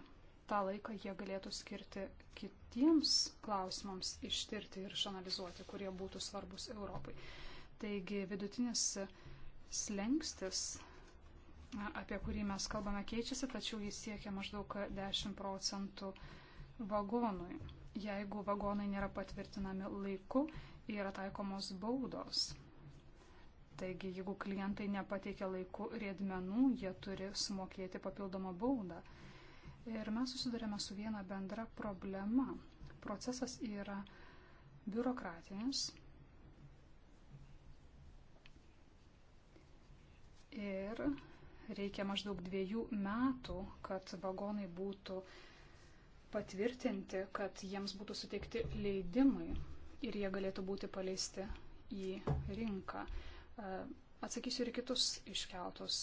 Ta laika jie galėtų skirti kitiems klausimams ištirti ir išanalizuoti, kurie būtų svarbus Europai. Taigi vidutinis slengstis, apie kurį mes kalbame, keičiasi, tačiau jis siekia maždaug 10 procentų vagonui. Jeigu vagonai nėra patvirtinami laiku, yra taikomos baudos. Taigi, jeigu klientai nepateikia laiku riedmenų, jie turi sumokėti papildomą baudą. Ir mes susidurėme su viena bendra problema. Procesas yra biurokratinis. Ir reikia maždaug dviejų metų, kad vagonai būtų patvirtinti, kad jiems būtų suteikti leidimai ir jie galėtų būti paleisti į rinką. E, atsakysiu ir kitus iškeltus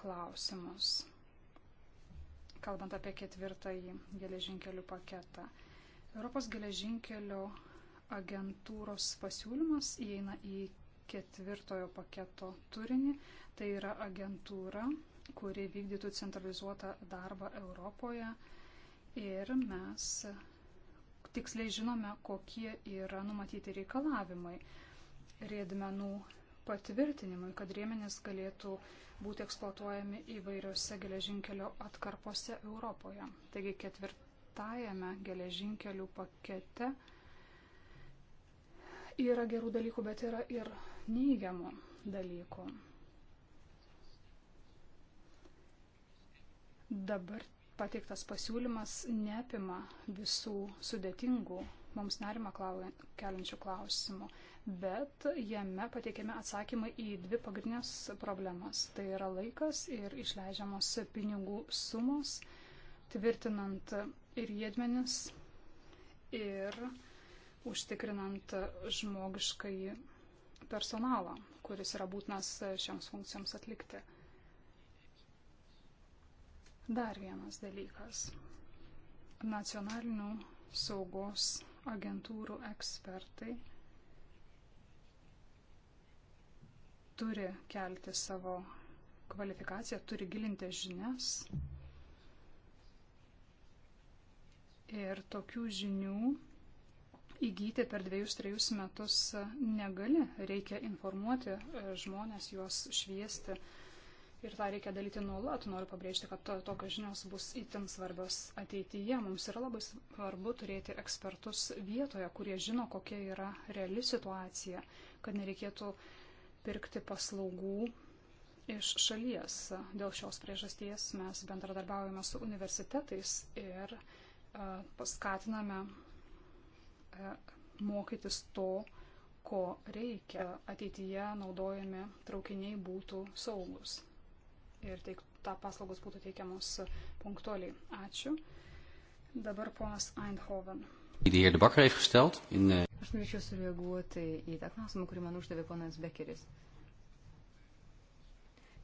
klausimus, kalbant apie ketvirtąjį geležinkelių paketą. Europos geležinkelių agentūros pasiūlymas įeina į ketvirtojo paketo turinį. Tai yra agentūra, kuri vykdytų centralizuotą darbą Europoje. Ir mes tiksliai žinome, kokie yra numatyti reikalavimai riedmenų patvirtinimui, kad rėmenis galėtų būti eksploatuojami įvairiose geležinkelio atkarpose Europoje. Taigi ketvirtajame geležinkelių pakete yra gerų dalykų, bet yra ir neigiamų dalykų. Dabar pateiktas pasiūlymas neapima visų sudėtingų mums nerima keliančių klausimų, bet jame pateikiami atsakymai į dvi pagrindinės problemas. Tai yra laikas ir išleidžiamos pinigų sumos, tvirtinant ir jėdmenis, ir užtikrinant žmogiškai personalą, kuris yra būtinas šioms funkcijoms atlikti. Dar vienas dalykas. Nacionalinių saugos agentūrų ekspertai turi kelti savo kvalifikaciją, turi gilinti žinias. Ir tokių žinių įgyti per dviejus, trejus metus negali. Reikia informuoti žmonės, juos šviesti Ir tą reikia daryti nuolat. Noriu pabrėžti, kad to, tokios žinios bus itin svarbios ateityje. Mums yra labai svarbu turėti ekspertus vietoje, kurie žino, kokia yra reali situacija, kad nereikėtų pirkti paslaugų iš šalies. Dėl šios priežasties mes bendradarbiaujame su universitetais ir e, paskatiname e, mokytis to, ko reikia ateityje naudojami traukiniai būtų saugus ir teik, ta paslaugos būtų teikiamos punktualiai. Ačiū. Dabar ponas Eindhoven. Eh, Aš norėčiau sureaguoti į tą klausimą, kurį man uždavė ponas Bekeris.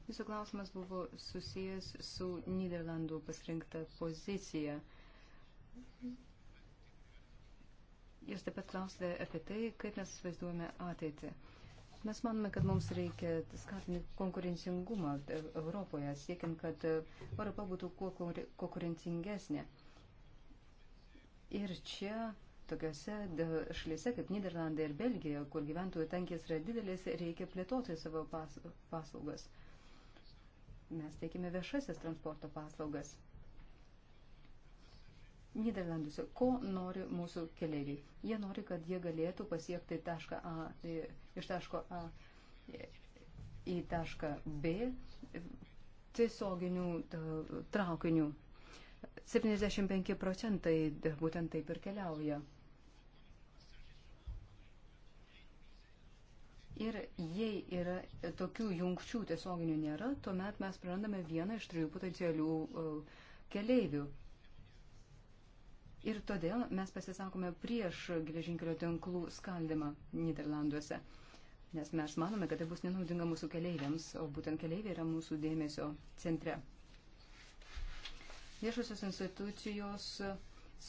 Jūsų klausimas buvo susijęs su Niderlandų pasirinkta pozicija. Jūs taip pat klausėte apie tai, kaip mes vaizduojame ateitį. Mes manome, kad mums reikia skatinti konkurencingumą Europoje, siekiant, kad Europa būtų kuo konkurencingesnė. Ir čia, tokiuose šalyse kaip Niderlandai ir Belgija, kur gyventojų tankis yra didelis, reikia plėtoti savo pas, paslaugas. Mes teikime viešasias transporto paslaugas. Niderlanduose. Ko nori mūsų keliaiviai? Jie nori, kad jie galėtų pasiekti tašką A, e, iš taško A e, į tašką B e, tiesioginių traukinių. 75 procentai būtent taip ir keliauja. Ir jei yra tokių jungčių tiesioginių nėra, tuomet mes prarandame vieną iš trijų potencialių keleivių. Ir todėl mes pasisakome prieš geležinkelio tinklų skaldimą Niderlanduose, nes mes manome, kad tai bus nenaudinga mūsų keleiviams, o būtent keleiviai yra mūsų dėmesio centre. Viešosios institucijos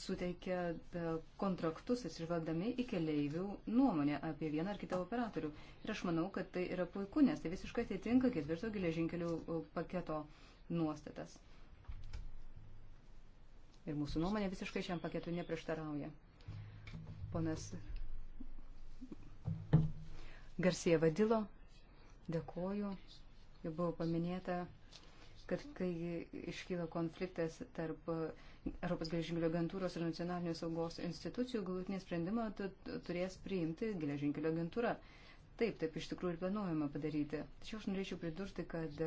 suteikia e, kontraktus atsižvelgdami į keleivių nuomonę apie vieną ar kitą operatorių. Ir aš manau, kad tai yra puiku, nes tai visiškai atitinka ketvirto geležinkelių e, paketo nuostatas. Ir mūsų nuomonė visiškai šiam paketui neprieštarauja. Ponas Garsija Vadilo, dėkoju. Jau buvo paminėta, kad kai iškyla konfliktas tarp Europos geležinkelio agentūros ir nacionalinio saugos institucijų, galutinį sprendimą turės priimti geležinkelio agentūra. Taip, taip iš tikrųjų ir planuojama padaryti. Tačiau aš norėčiau pridurti, kad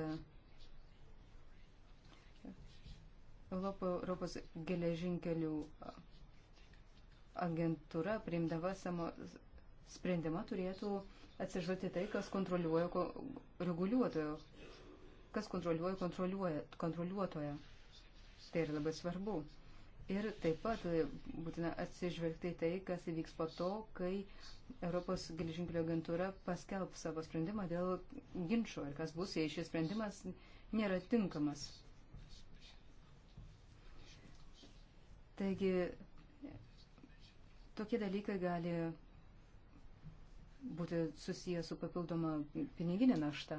Europo, Europos geležinkelių agentūra priimdava savo sprendimą turėtų atsižvelgti tai, kas kontroliuoja ko, reguliuotojo, kas kontroliuoja, kontroliuoja kontroliuotoją. Tai yra labai svarbu. Ir taip pat būtina atsižvelgti tai, kas įvyks po to, kai Europos geležinkelio agentūra paskelb savo sprendimą dėl ginčio ir kas bus, jei šis sprendimas nėra tinkamas. Taigi tokie dalykai gali būti susiję su papildoma piniginė našta.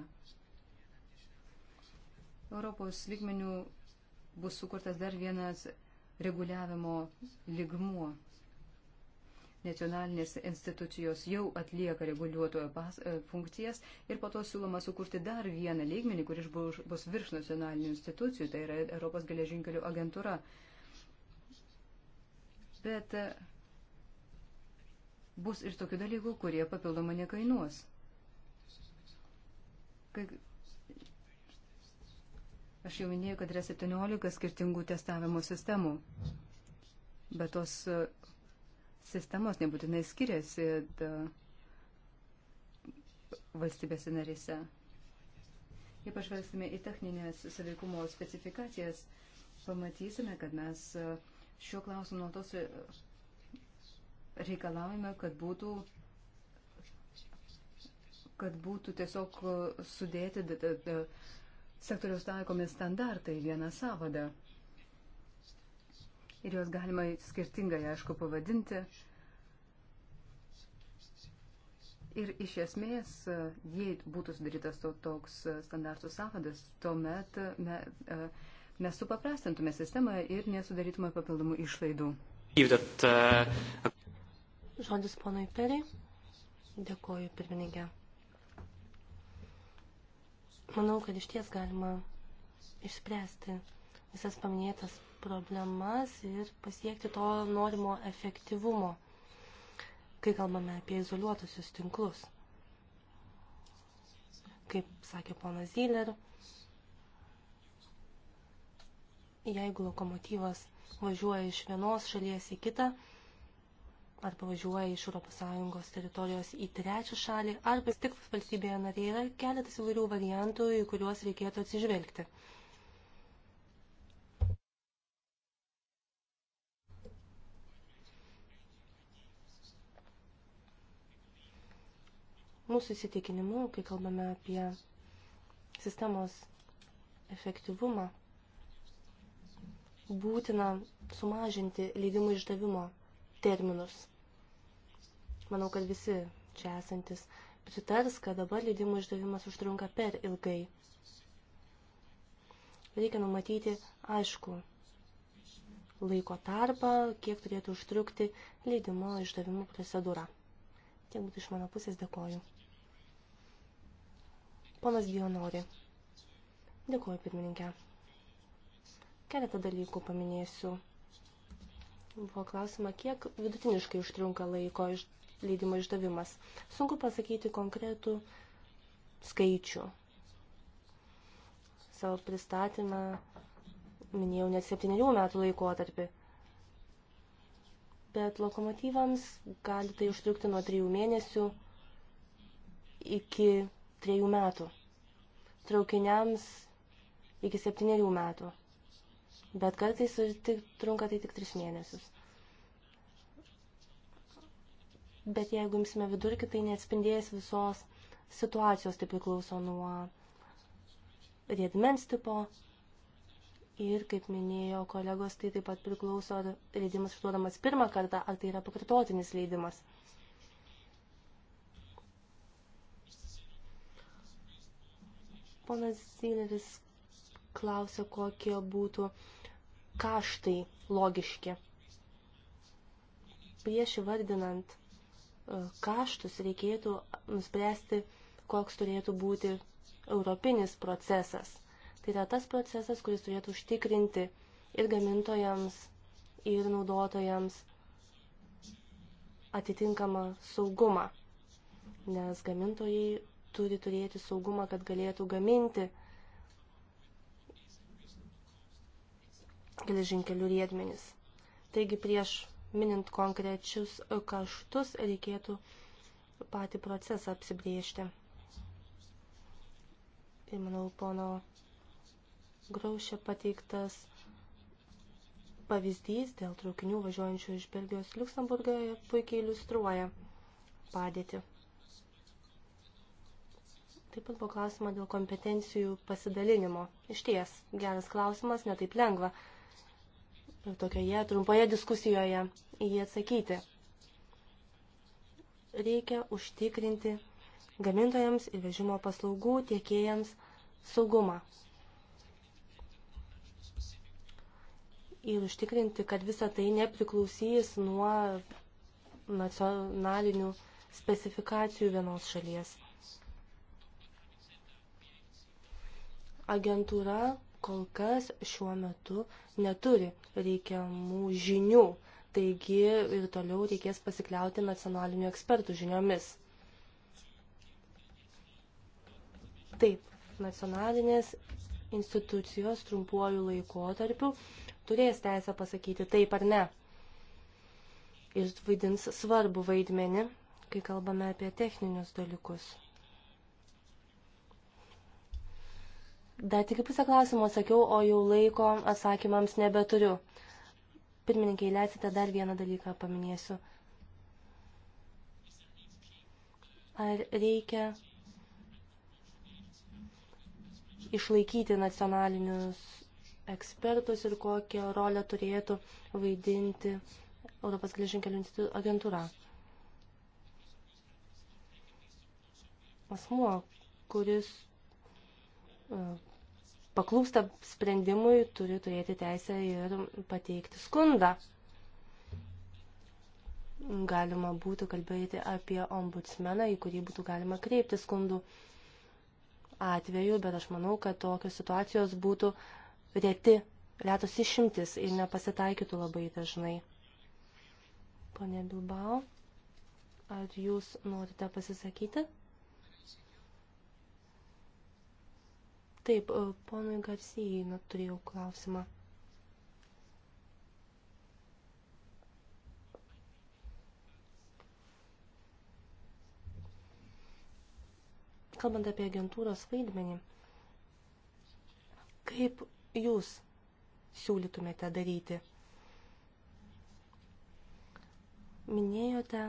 Europos lygmenių bus sukurtas dar vienas reguliavimo ligmuo. Nacionalinės institucijos jau atlieka reguliuotojo pas, e, funkcijas ir po to siūloma sukurti dar vieną lygmenį, kuris bus, bus virš nacionalinių institucijų, tai yra Europos geležinkelių agentūra. E, Bet e, bus ir tokių dalykų, kurie papildomai nekainuos. Kai aš jau minėjau, kad yra 17 skirtingų testavimo sistemų, bet tos e, sistemos nebūtinai skiriasi valstybėse narėse. Jei pažvelgsime į techninės saveikumo specifikacijas, pamatysime, kad mes uh, šiuo klausimu nuolatos e, reikalavime, kad būtų kad būtų tiesiog e, sudėti sektoriaus taikomi standartai vieną savadą. Ir juos galima skirtingai, aišku, pavadinti. Ir iš esmės, e, jei būtų sudarytas to, toks standartų savadas, tuomet me, uh, mes supaprastintume sistemą ir nesudarytume papildomų išlaidų. Žodis ponui Periai. Dėkoju, pirmininkė. Manau, kad iš ties galima išspręsti visas paminėtas problemas ir pasiekti to norimo efektyvumo, kai kalbame apie izoliuotusius tinklus. Kaip sakė ponas Zyler, jeigu lokomotyvas važiuoja iš vienos šalies į kitą, arba važiuoja iš ES teritorijos į trečią šalį, arba tik valstybėje narėje yra keletas įvairių variantų, į kuriuos reikėtų atsižvelgti. Mūsų įsitikinimu, kai kalbame apie sistemos efektyvumą, būtina sumažinti leidimų išdavimo terminus. Manau, kad visi čia esantis pritars, kad dabar leidimų išdavimas užtrunka per ilgai. Reikia numatyti aišku laiko tarpą, kiek turėtų užtrukti leidimo išdavimo procedūra. Tiek būtų iš mano pusės dėkoju. Ponas Bionori. Dėkoju pirmininkė. Keletą dalykų paminėsiu. Buvo klausima, kiek vidutiniškai užtrunka laiko iš leidimo išdavimas. Sunku pasakyti konkretų skaičių. Savo pristatymą minėjau net septyniarių metų laikotarpį. Bet lokomotyvams gali tai užtrukti nuo trijų mėnesių iki trejų metų. Traukiniams iki septyniarių metų bet kartais tik, trunka tai tik 3 mėnesius. Bet jeigu imsime vidurkį, tai neatspindėjęs visos situacijos, tai priklauso nuo riedmens tipo ir, kaip minėjo kolegos, tai taip pat priklauso, ar leidimas išduodamas pirmą kartą, ar tai yra pakartotinis leidimas. Ponas Zileris klausė, kokie būtų uh, kaštai logiški. Prieš įvardinant e, kaštus reikėtų nuspręsti, koks turėtų būti europinis procesas. Tai yra tas procesas, kuris turėtų užtikrinti ir gamintojams, ir naudotojams atitinkamą saugumą. Nes gamintojai turi turėti saugumą, kad galėtų gaminti geležinkelių riedmenis. Taigi prieš minint konkrečius kaštus reikėtų patį procesą apsibriežti. Ir manau, pono Graušė pateiktas pavyzdys dėl traukinių važiuojančių iš Belgijos Luxemburgą puikiai iliustruoja padėtį. Taip pat buvo klausima dėl kompetencijų pasidalinimo. Iš ties, geras klausimas, netaip lengva. lengva tokioje trumpoje diskusijoje į jį atsakyti. Reikia užtikrinti gamintojams ir vežimo paslaugų tiekėjams saugumą. Ir užtikrinti, kad visa tai nepriklausys nuo nacionalinių specifikacijų vienos šalies. Agentūra kol kas šiuo metu neturi reikiamų žinių, taigi ir toliau reikės pasikliauti nacionalinių ekspertų žiniomis. Taip, nacionalinės institucijos trumpuoju laikotarpiu turės teisę pasakyti taip ar ne. Ir vaidins svarbu vaidmenį, kai kalbame apie techninius dalykus. Dar tik pusę klausimų atsakiau, o jau laiko atsakymams nebeturiu. Pirmininkai, leisite dar vieną dalyką paminėsiu. Ar reikia išlaikyti nacionalinius ekspertus ir kokią rolę turėtų vaidinti Europos geležinkelių agentūra. Asmuo, kuris paklūsta sprendimui, turi turėti teisę ir pateikti skundą. Galima būtų kalbėti apie ombudsmeną, į kurį būtų galima kreipti skundų atveju, bet aš manau, kad tokios situacijos būtų reti, retos išimtis ir nepasitaikytų labai dažnai. Pone Bilbao, ar jūs norite pasisakyti? Taip, e, ponui Garsijai nu, turėjau klausimą. Kalbant apie agentūros vaidmenį, kaip jūs siūlytumėte daryti? Minėjote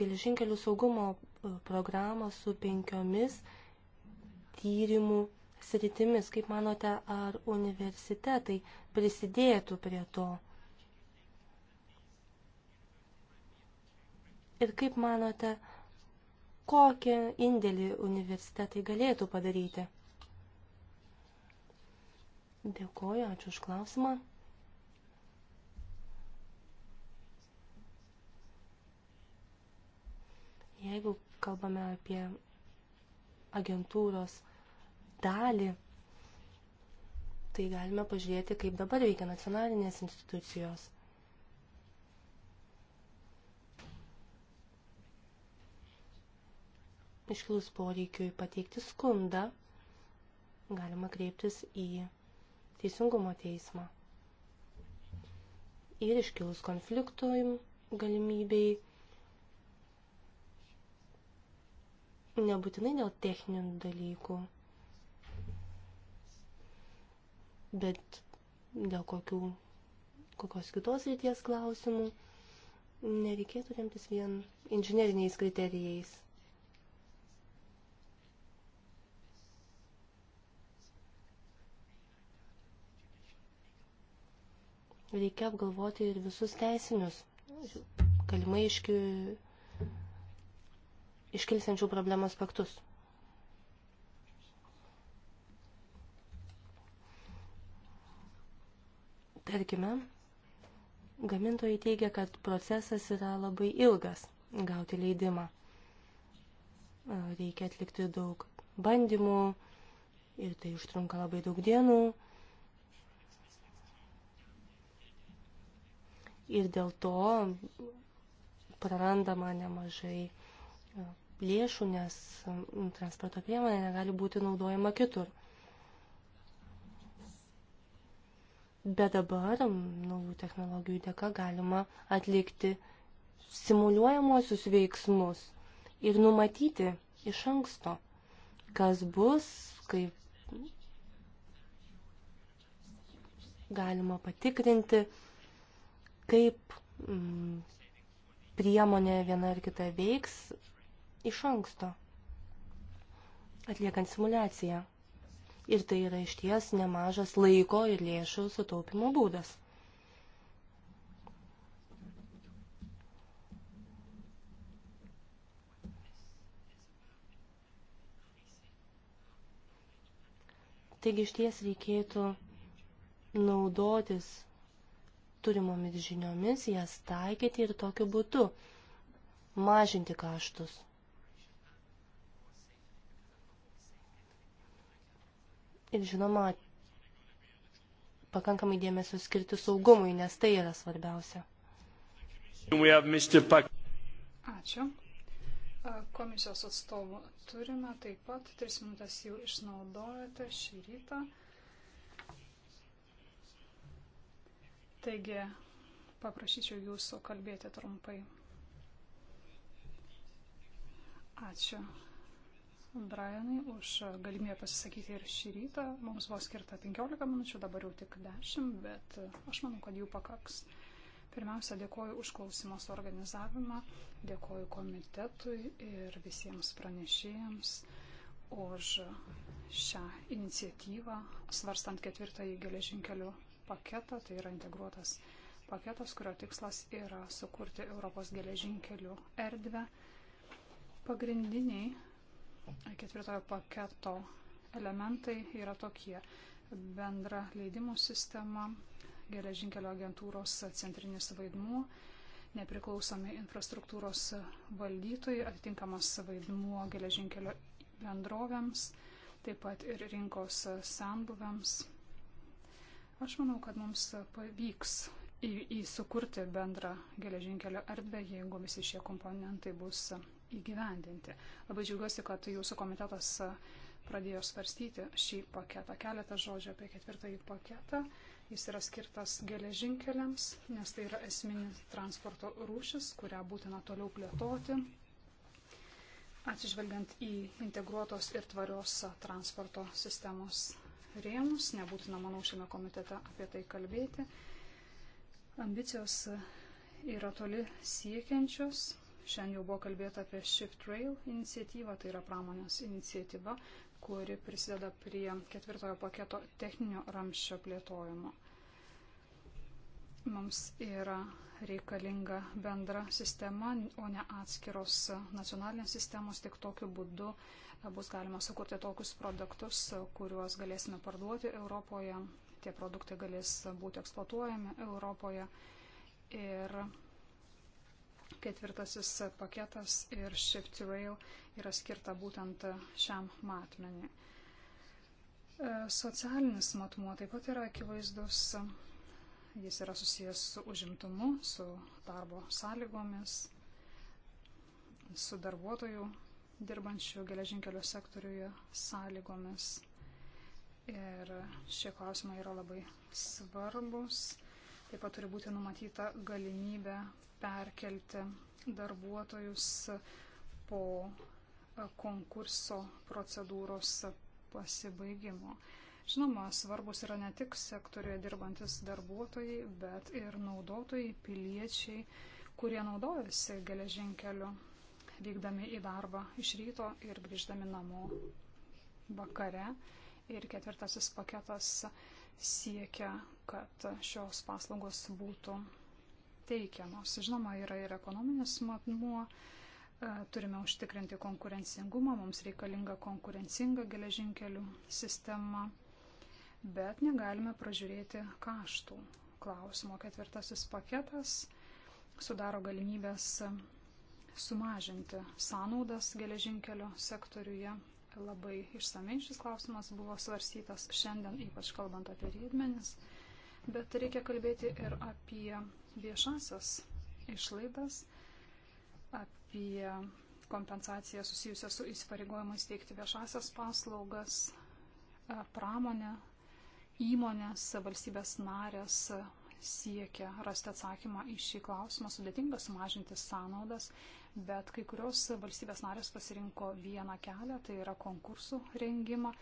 geležinkelių saugumo programą su penkiomis tyrimų sritimis. Kaip manote, ar universitetai prisidėtų prie to? Ir kaip manote, kokį indėlį universitetai galėtų padaryti? Dėkuoju, ačiū už klausimą. Jeigu kalbame apie agentūros dalį, tai galime pažiūrėti, kaip dabar veikia nacionalinės institucijos. Iškilus poreikiui pateikti skundą, galima kreiptis į Teisingumo teismą. Ir iškilus konfliktui galimybei nebūtinai dėl techninių dalykų, bet dėl kokių, kokios kitos ryties klausimų nereikėtų remtis vien inžineriniais kriterijais. Reikia apgalvoti ir visus teisinius, galimai iškių iškilsiančių problemų aspektus. Tarkime, gamintojai teigia, kad procesas yra labai ilgas gauti leidimą. Reikia atlikti daug bandymų ir tai užtrunka labai daug dienų. ir dėl to prarandama nemažai lėšų, nes transporto priemonė negali būti naudojama kitur. Bet dabar naujų technologijų dėka galima atlikti simuliuojamuosius veiksmus ir numatyti iš anksto, kas bus, kaip galima patikrinti, kaip priemonė viena ar kita veiks iš anksto, atliekant simulaciją. Ir tai yra išties nemažas laiko ir lėšų sutaupimo būdas. Taigi išties reikėtų naudotis turimomis žiniomis, jas taikyti ir tokiu būdu mažinti kaštus. ir žinoma pakankamai dėmesio skirti saugumui, nes tai yra svarbiausia. Ačiū. Komisijos atstovų turime taip pat, tris minutės jau išnaudojate šį rytą. Taigi, paprašyčiau jūsų kalbėti trumpai. Ačiū. Brianai, už galimybę pasisakyti ir šį rytą. Mums buvo skirta 15 minučių, dabar jau tik 10, bet aš manau, kad jų pakaks. Pirmiausia, dėkoju už klausimo suorganizavimą, dėkoju komitetui ir visiems pranešėjams už šią iniciatyvą, svarstant ketvirtąjį geležinkelių paketą, tai yra integruotas paketas, kurio tikslas yra sukurti Europos geležinkelių erdvę. Pagrindiniai ketvirtojo paketo elementai yra tokie. Bendra leidimų sistema, geležinkelio agentūros centrinis vaidmuo, nepriklausomi infrastruktūros valdytojai, atitinkamas vaidmuo geležinkelio bendrovėms, taip pat ir rinkos sanduvėms. Aš manau, kad mums pavyks įsukurti bendrą geležinkelio erdvę, jeigu visi šie komponentai bus įgyvendinti. Labai džiaugiuosi, kad jūsų komitetas e, pradėjo svarstyti šį paketą. Keletą žodžių apie ketvirtąjį paketą. Jis yra skirtas geležinkeliams, nes tai yra esminis transporto rūšis, kurią būtina toliau plėtoti, atsižvelgiant į integruotos ir tvarios transporto sistemos rėmus. Nebūtina, manau, šiame komitete apie tai kalbėti. Ambicijos yra toli siekiančios, Šiandien jau buvo kalbėta apie Shift Rail iniciatyvą, tai yra pramonės iniciatyva, kuri prisideda prie ketvirtojo paketo techninio ramščio plėtojimo. Mums yra reikalinga bendra sistema, o ne atskiros nacionalinės sistemos. Tik tokiu būdu e, bus galima sukurti tokius produktus, e, kuriuos galėsime parduoti Europoje. Tie produktai galės būti eksploatuojami Europoje. Ir Ketvirtasis paketas ir Shift to Rail yra skirta būtent šiam matmeniui. E, socialinis matmuo taip pat yra akivaizdus. Jis yra susijęs su užimtumu, su darbo sąlygomis, su darbuotojų dirbančių geležinkelio sektoriuje sąlygomis. Ir šie klausimai yra labai svarbus. Taip pat turi būti numatyta galimybė perkelti darbuotojus po e, konkurso procedūros pasibaigimo. Žinoma, svarbus yra ne tik sektorioje dirbantis darbuotojai, bet ir naudotojai, piliečiai, kurie naudojasi geležinkeliu, vykdami į darbą iš ryto ir grįždami namo vakare. Ir ketvirtasis paketas siekia, kad šios paslaugos būtų teikiamos. Žinoma, yra ir ekonominis matmuo. E, turime užtikrinti konkurencingumą, mums reikalinga konkurencinga geležinkelių sistema, bet negalime pražiūrėti kaštų klausimo. Ketvirtasis paketas sudaro galimybės sumažinti sąnaudas geležinkelio sektoriuje. Labai išsamei šis klausimas buvo svarstytas šiandien, ypač kalbant apie riedmenis, bet reikia kalbėti ir apie viešasias išlaidas, apie kompensaciją susijusią su įsipareigojimais teikti viešasias paslaugas, e, pramonę, įmonės, valstybės narės siekia rasti atsakymą į šį klausimą. Sudėtinga sumažinti sąnaudas, bet kai kurios valstybės narės pasirinko vieną kelią, tai yra konkursų rengimą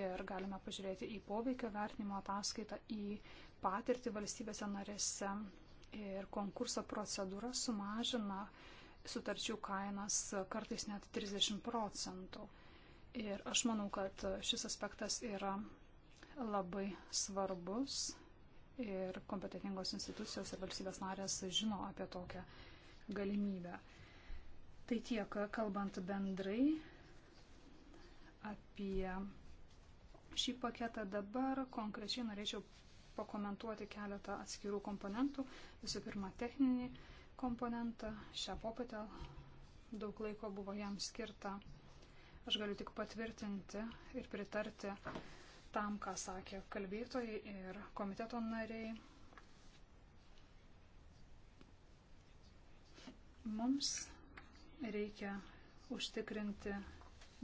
ir galime pažiūrėti į poveikio vertinimo ataskaitą, į patirtį valstybėse narėse, ir konkurso procedūra sumažina sutarčių kainas kartais net 30 procentų. Ir aš manau, kad šis aspektas yra labai svarbus ir kompetitingos institucijos ir valstybės narės žino apie tokią galimybę. Tai tiek, kalbant bendrai apie šį paketą dabar konkrečiai norėčiau pakomentuoti keletą atskirų komponentų. Visų pirma, techninį komponentą. Šią popietę daug laiko buvo jam skirta. Aš galiu tik patvirtinti ir pritarti tam, ką sakė kalbėtojai ir komiteto nariai. Mums reikia užtikrinti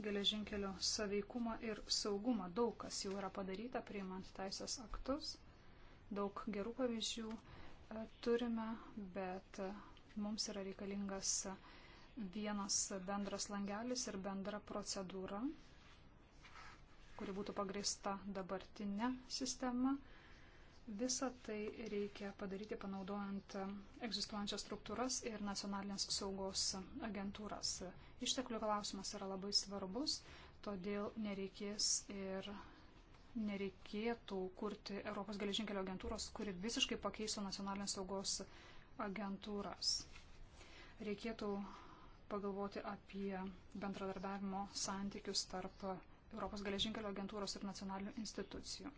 geležinkelio saveikumą ir saugumą. Daug kas jau yra padaryta priimant teisės aktus daug gerų pavyzdžių e, turime, bet e, mums yra reikalingas vienas bendras langelis ir bendra procedūra, kuri būtų pagrįsta dabartinė sistema. Visą tai reikia padaryti panaudojant egzistuojančias struktūras ir nacionalinės saugos agentūras. Išteklių klausimas yra labai svarbus, todėl nereikės ir nereikėtų kurti Europos geležinkelio agentūros, kuri visiškai pakeistų nacionalinės saugos agentūras. Reikėtų pagalvoti apie bendradarbiavimo santykius tarp Europos geležinkelio agentūros ir nacionalinių institucijų.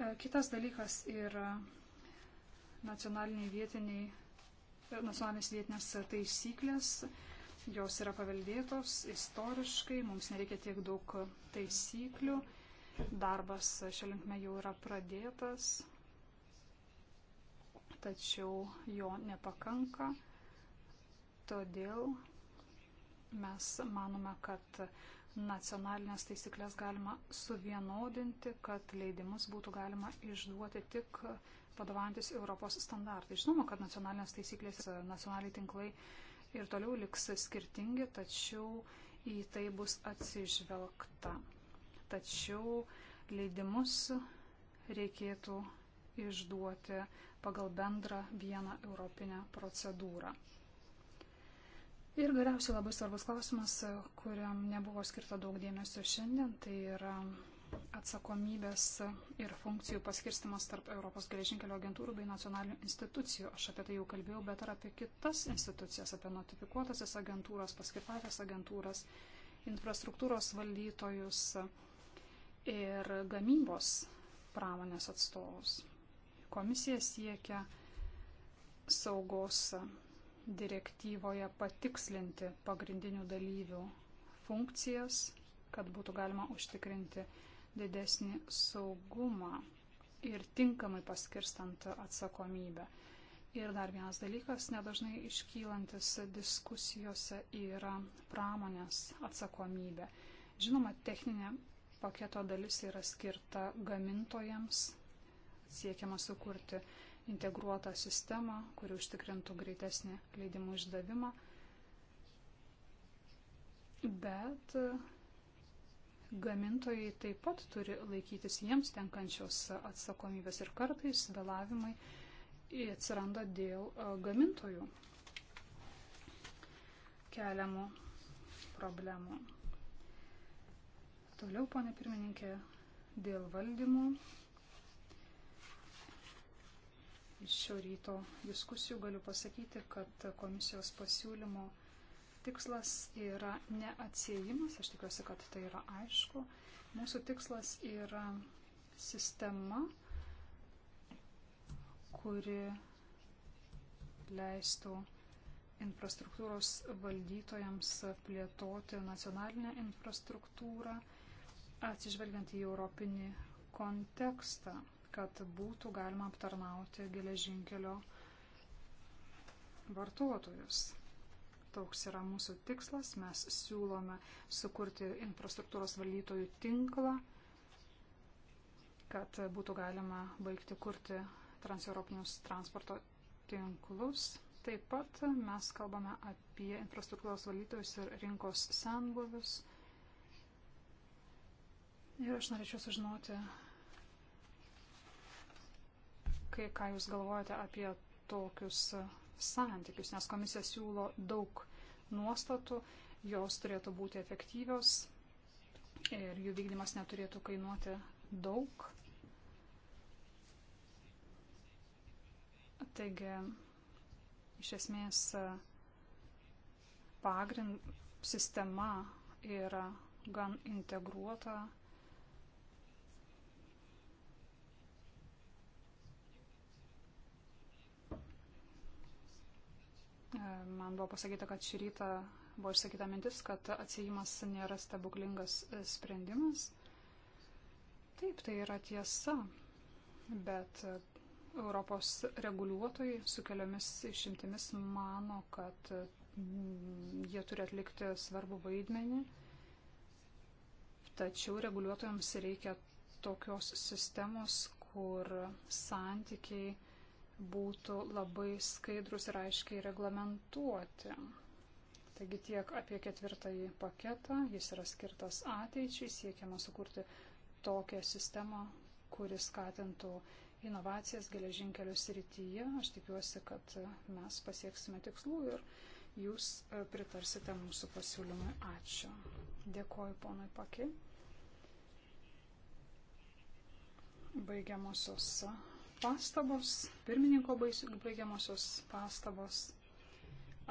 E, kitas dalykas yra nacionaliniai vietiniai, e, nacionalinės vietinės taisyklės jos yra paveldėtos istoriškai, mums nereikia tiek daug taisyklių, darbas šią linkmę jau yra pradėtas, tačiau jo nepakanka, todėl mes manome, kad nacionalinės taisyklės galima suvienodinti, kad leidimus būtų galima išduoti tik vadovantis Europos standartai. Žinoma, kad nacionalinės taisyklės, nacionaliniai tinklai ir toliau liks skirtingi, tačiau į tai bus atsižvelgta. Tačiau leidimus reikėtų išduoti pagal bendrą vieną europinę procedūrą. Ir galiausiai labai svarbus klausimas, kuriam nebuvo skirta daug dėmesio šiandien, tai yra atsakomybės ir funkcijų paskirstimas tarp Europos geležinkelio agentūrų bei nacionalinių institucijų. Aš apie tai jau kalbėjau, bet ir apie kitas institucijas, apie notifikuotasias agentūras, paskirtasias agentūras, infrastruktūros valdytojus ir gamybos pramonės atstovus. Komisija siekia saugos direktyvoje patikslinti pagrindinių dalyvių funkcijas, kad būtų galima užtikrinti didesnį saugumą ir tinkamai paskirstant atsakomybę. Ir dar vienas dalykas, nedažnai iškylantis diskusijose, yra pramonės atsakomybė. Žinoma, techninė paketo dalis yra skirta gamintojams, siekiama sukurti integruotą sistemą, kuri užtikrintų greitesnį leidimų išdavimą. Bet gamintojai taip pat turi laikytis jiems tenkančios atsakomybės ir kartais vėlavimai atsiranda dėl e, gamintojų keliamų problemų. Toliau, ponė pirmininkė, dėl valdymo. Iš šio ryto diskusijų galiu pasakyti, kad komisijos pasiūlymo tikslas yra neatsiejimas, aš tikiuosi, kad tai yra aišku. Mūsų tikslas yra sistema, kuri leistų infrastruktūros valdytojams plėtoti nacionalinę infrastruktūrą, atsižvelgiant į europinį kontekstą, kad būtų galima aptarnauti geležinkelio vartotojus. Toks yra mūsų tikslas. Mes siūlome sukurti infrastruktūros valdytojų tinklą, kad būtų galima baigti kurti transeuropinius transporto tinklus. Taip pat mes kalbame apie infrastruktūros valdytojus ir rinkos senbuvius. Ir aš norėčiau sužinoti, kai ką jūs galvojate apie tokius santykius, nes komisija siūlo daug nuostatų, jos turėtų būti efektyvios ir jų vykdymas neturėtų kainuoti daug. Taigi, iš esmės, pagrind sistema yra gan integruota E, man buvo pasakyta, kad šį rytą buvo išsakyta mintis, kad atsijimas nėra stebuklingas e, sprendimas. Taip, tai yra tiesa, bet e, Europos reguliuotojai su keliomis išimtimis mano, kad jie turi atlikti svarbų vaidmenį, tačiau reguliuotojams reikia tokios sistemos, kur santykiai būtų labai skaidrus ir aiškiai reglamentuoti. Taigi tiek apie ketvirtąjį paketą, jis yra skirtas ateičiai, siekiama sukurti tokią sistemą, kuri skatintų inovacijas geležinkelių srityje. Aš tikiuosi, kad mes pasieksime tikslų ir jūs e, pritarsite mūsų pasiūlymui. Ačiū. Dėkoju ponui Pakiai. Baigiamosios pastabos, pirmininko baigiamosios pastabos.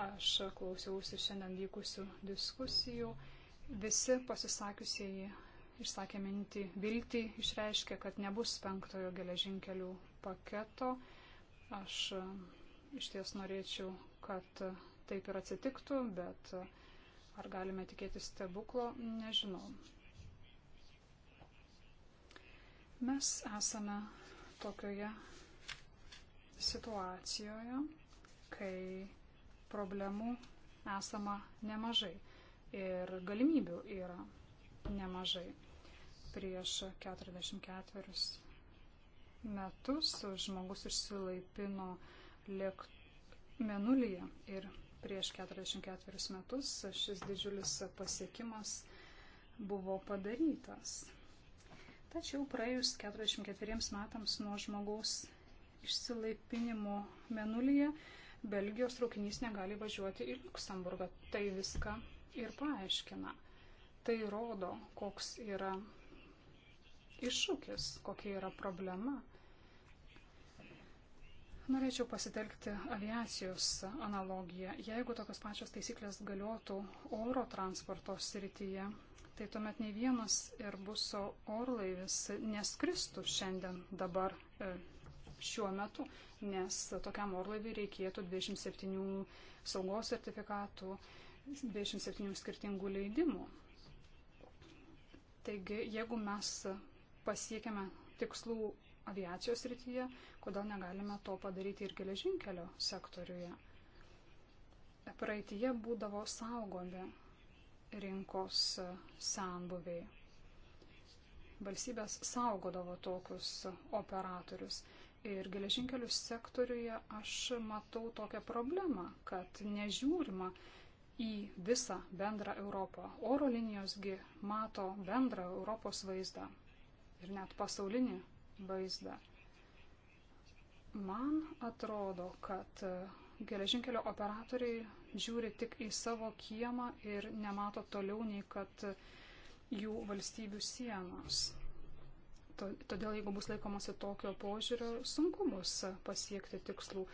Aš klausiausi šiandien vykusių diskusijų. Visi pasisakiusieji išsakė mintį, viltį išreiškė, kad nebus penktojo geležinkelių paketo. Aš e, iš ties norėčiau, kad taip ir atsitiktų, bet e, ar galime tikėti stebuklo, nežinau. Mes esame tokioje situacijoje, kai problemų esama nemažai ir galimybių yra nemažai. Prieš 44 metus žmogus išsilaipino lėktuvą mėnulyje ir prieš 44 metus šis didžiulis pasiekimas buvo padarytas. Tačiau praėjus 44 metams nuo žmogaus išsilaipinimo menulyje, Belgijos traukinys negali važiuoti į Luksemburgą. Tai viską ir paaiškina. Tai rodo, koks yra iššūkis, kokia yra problema. Norėčiau pasitelkti aviacijos analogiją. Jeigu tokios pačios taisyklės galiotų oro transporto srityje, tai tuomet nei vienas Airbuso orlaivis neskristų šiandien dabar e, šiuo metu, nes tokiam orlaiviui reikėtų 27 saugos sertifikatų, 27 skirtingų leidimų. Taigi, jeigu mes pasiekėme tikslų aviacijos rytyje, kodėl negalime to padaryti ir geležinkelio sektoriuje? Praeitie būdavo saugomi rinkos sambuviai. Valstybės saugodavo tokius operatorius. Ir geležinkelių sektoriuje aš matau tokią problemą, kad nežiūrima į visą bendrą Europą. Oro linijosgi mato bendrą Europos vaizdą ir net pasaulinį vaizdą. Man atrodo, kad geležinkelio operatoriai žiūri tik į savo kiemą ir nemato toliau nei kad jų valstybių sienos. Todėl, jeigu bus laikomasi tokio požiūrio, sunku bus pasiekti tikslų.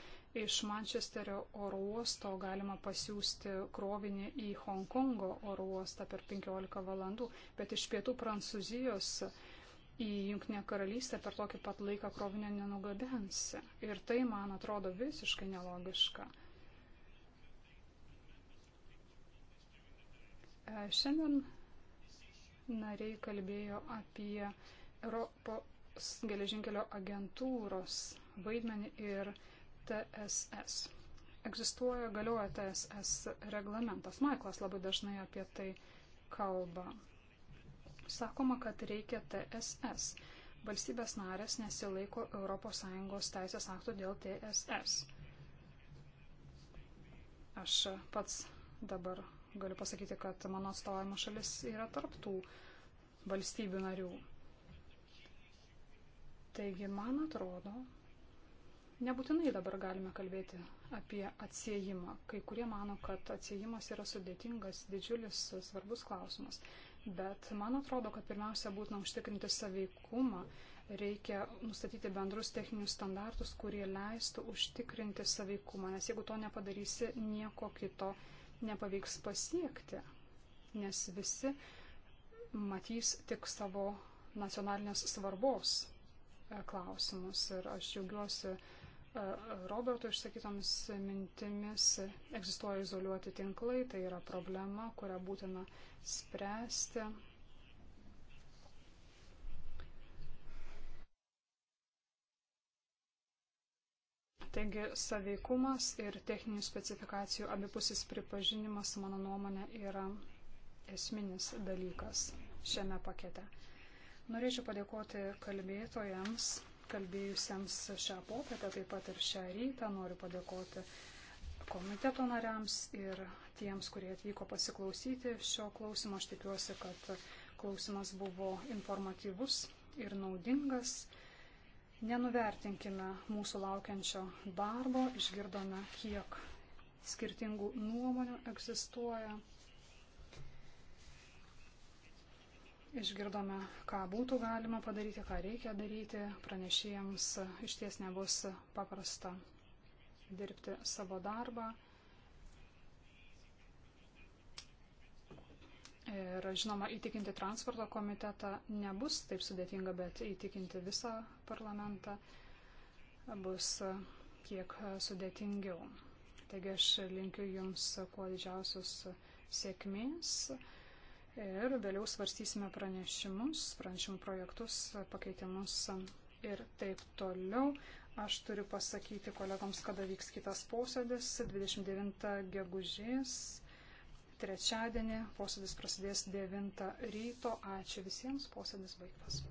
Iš Mančesterio oro uosto galima pasiūsti krovinį į Hongkongo oro uostą per 15 valandų, bet iš pietų Prancūzijos uh, į Junktinę karalystę per tokį pat laiką krovinio nenugabensi. Ir tai man atrodo visiškai nelogiška. E, šiandien nariai kalbėjo apie Europos geležinkelio agentūros vaidmenį ir TSS. Egzistuoja, galioja TSS reglamentas. Maiklas labai dažnai apie tai kalba. Sakoma, kad reikia TSS. Valstybės narės nesilaiko ES teisės aktų dėl TSS. Aš pats dabar galiu pasakyti, kad mano atstovavimo šalis yra tarptų valstybių narių. Taigi, man atrodo, nebūtinai dabar galime kalbėti apie atsiejimą. Kai kurie mano, kad atsiejimas yra sudėtingas, didžiulis, svarbus klausimas bet man atrodo, kad pirmiausia būtina užtikrinti saveikumą, reikia nustatyti bendrus techninius standartus, kurie leistų užtikrinti saveikumą, nes jeigu to nepadarysi, nieko kito nepavyks pasiekti, nes visi matys tik savo nacionalinės svarbos e, klausimus ir aš džiaugiuosi Roberto išsakytoms mintimis egzistuoja izoliuoti tinklai, tai yra problema, kurią būtina spręsti. Taigi saveikumas ir techninių specifikacijų abipusis pripažinimas, mano nuomonė, yra esminis dalykas šiame pakete. Norėčiau padėkoti kalbėtojams kalbėjusiems šią popietę, taip pat ir šią rytą. Noriu padėkoti komiteto nariams ir tiems, kurie atvyko pasiklausyti šio klausimo. Aš tikiuosi, kad klausimas buvo informatyvus ir naudingas. Nenuvertinkime mūsų laukiančio darbo, išgirdome, kiek skirtingų nuomonių egzistuoja Išgirdome, ką būtų galima padaryti, ką reikia daryti. Pranešėjams iš ties nebus paprasta dirbti savo darbą. Ir žinoma, įtikinti transporto komitetą nebus taip sudėtinga, bet įtikinti visą parlamentą bus kiek sudėtingiau. Taigi aš linkiu Jums kuo didžiausios sėkmės ir vėliau svarstysime pranešimus, pranešimų projektus, pakeitimus ir taip toliau. Aš turiu pasakyti kolegoms, kada vyks kitas posėdis. 29 gegužės, trečiadienį, posėdis prasidės 9 ryto. Ačiū visiems, posėdis baigtas.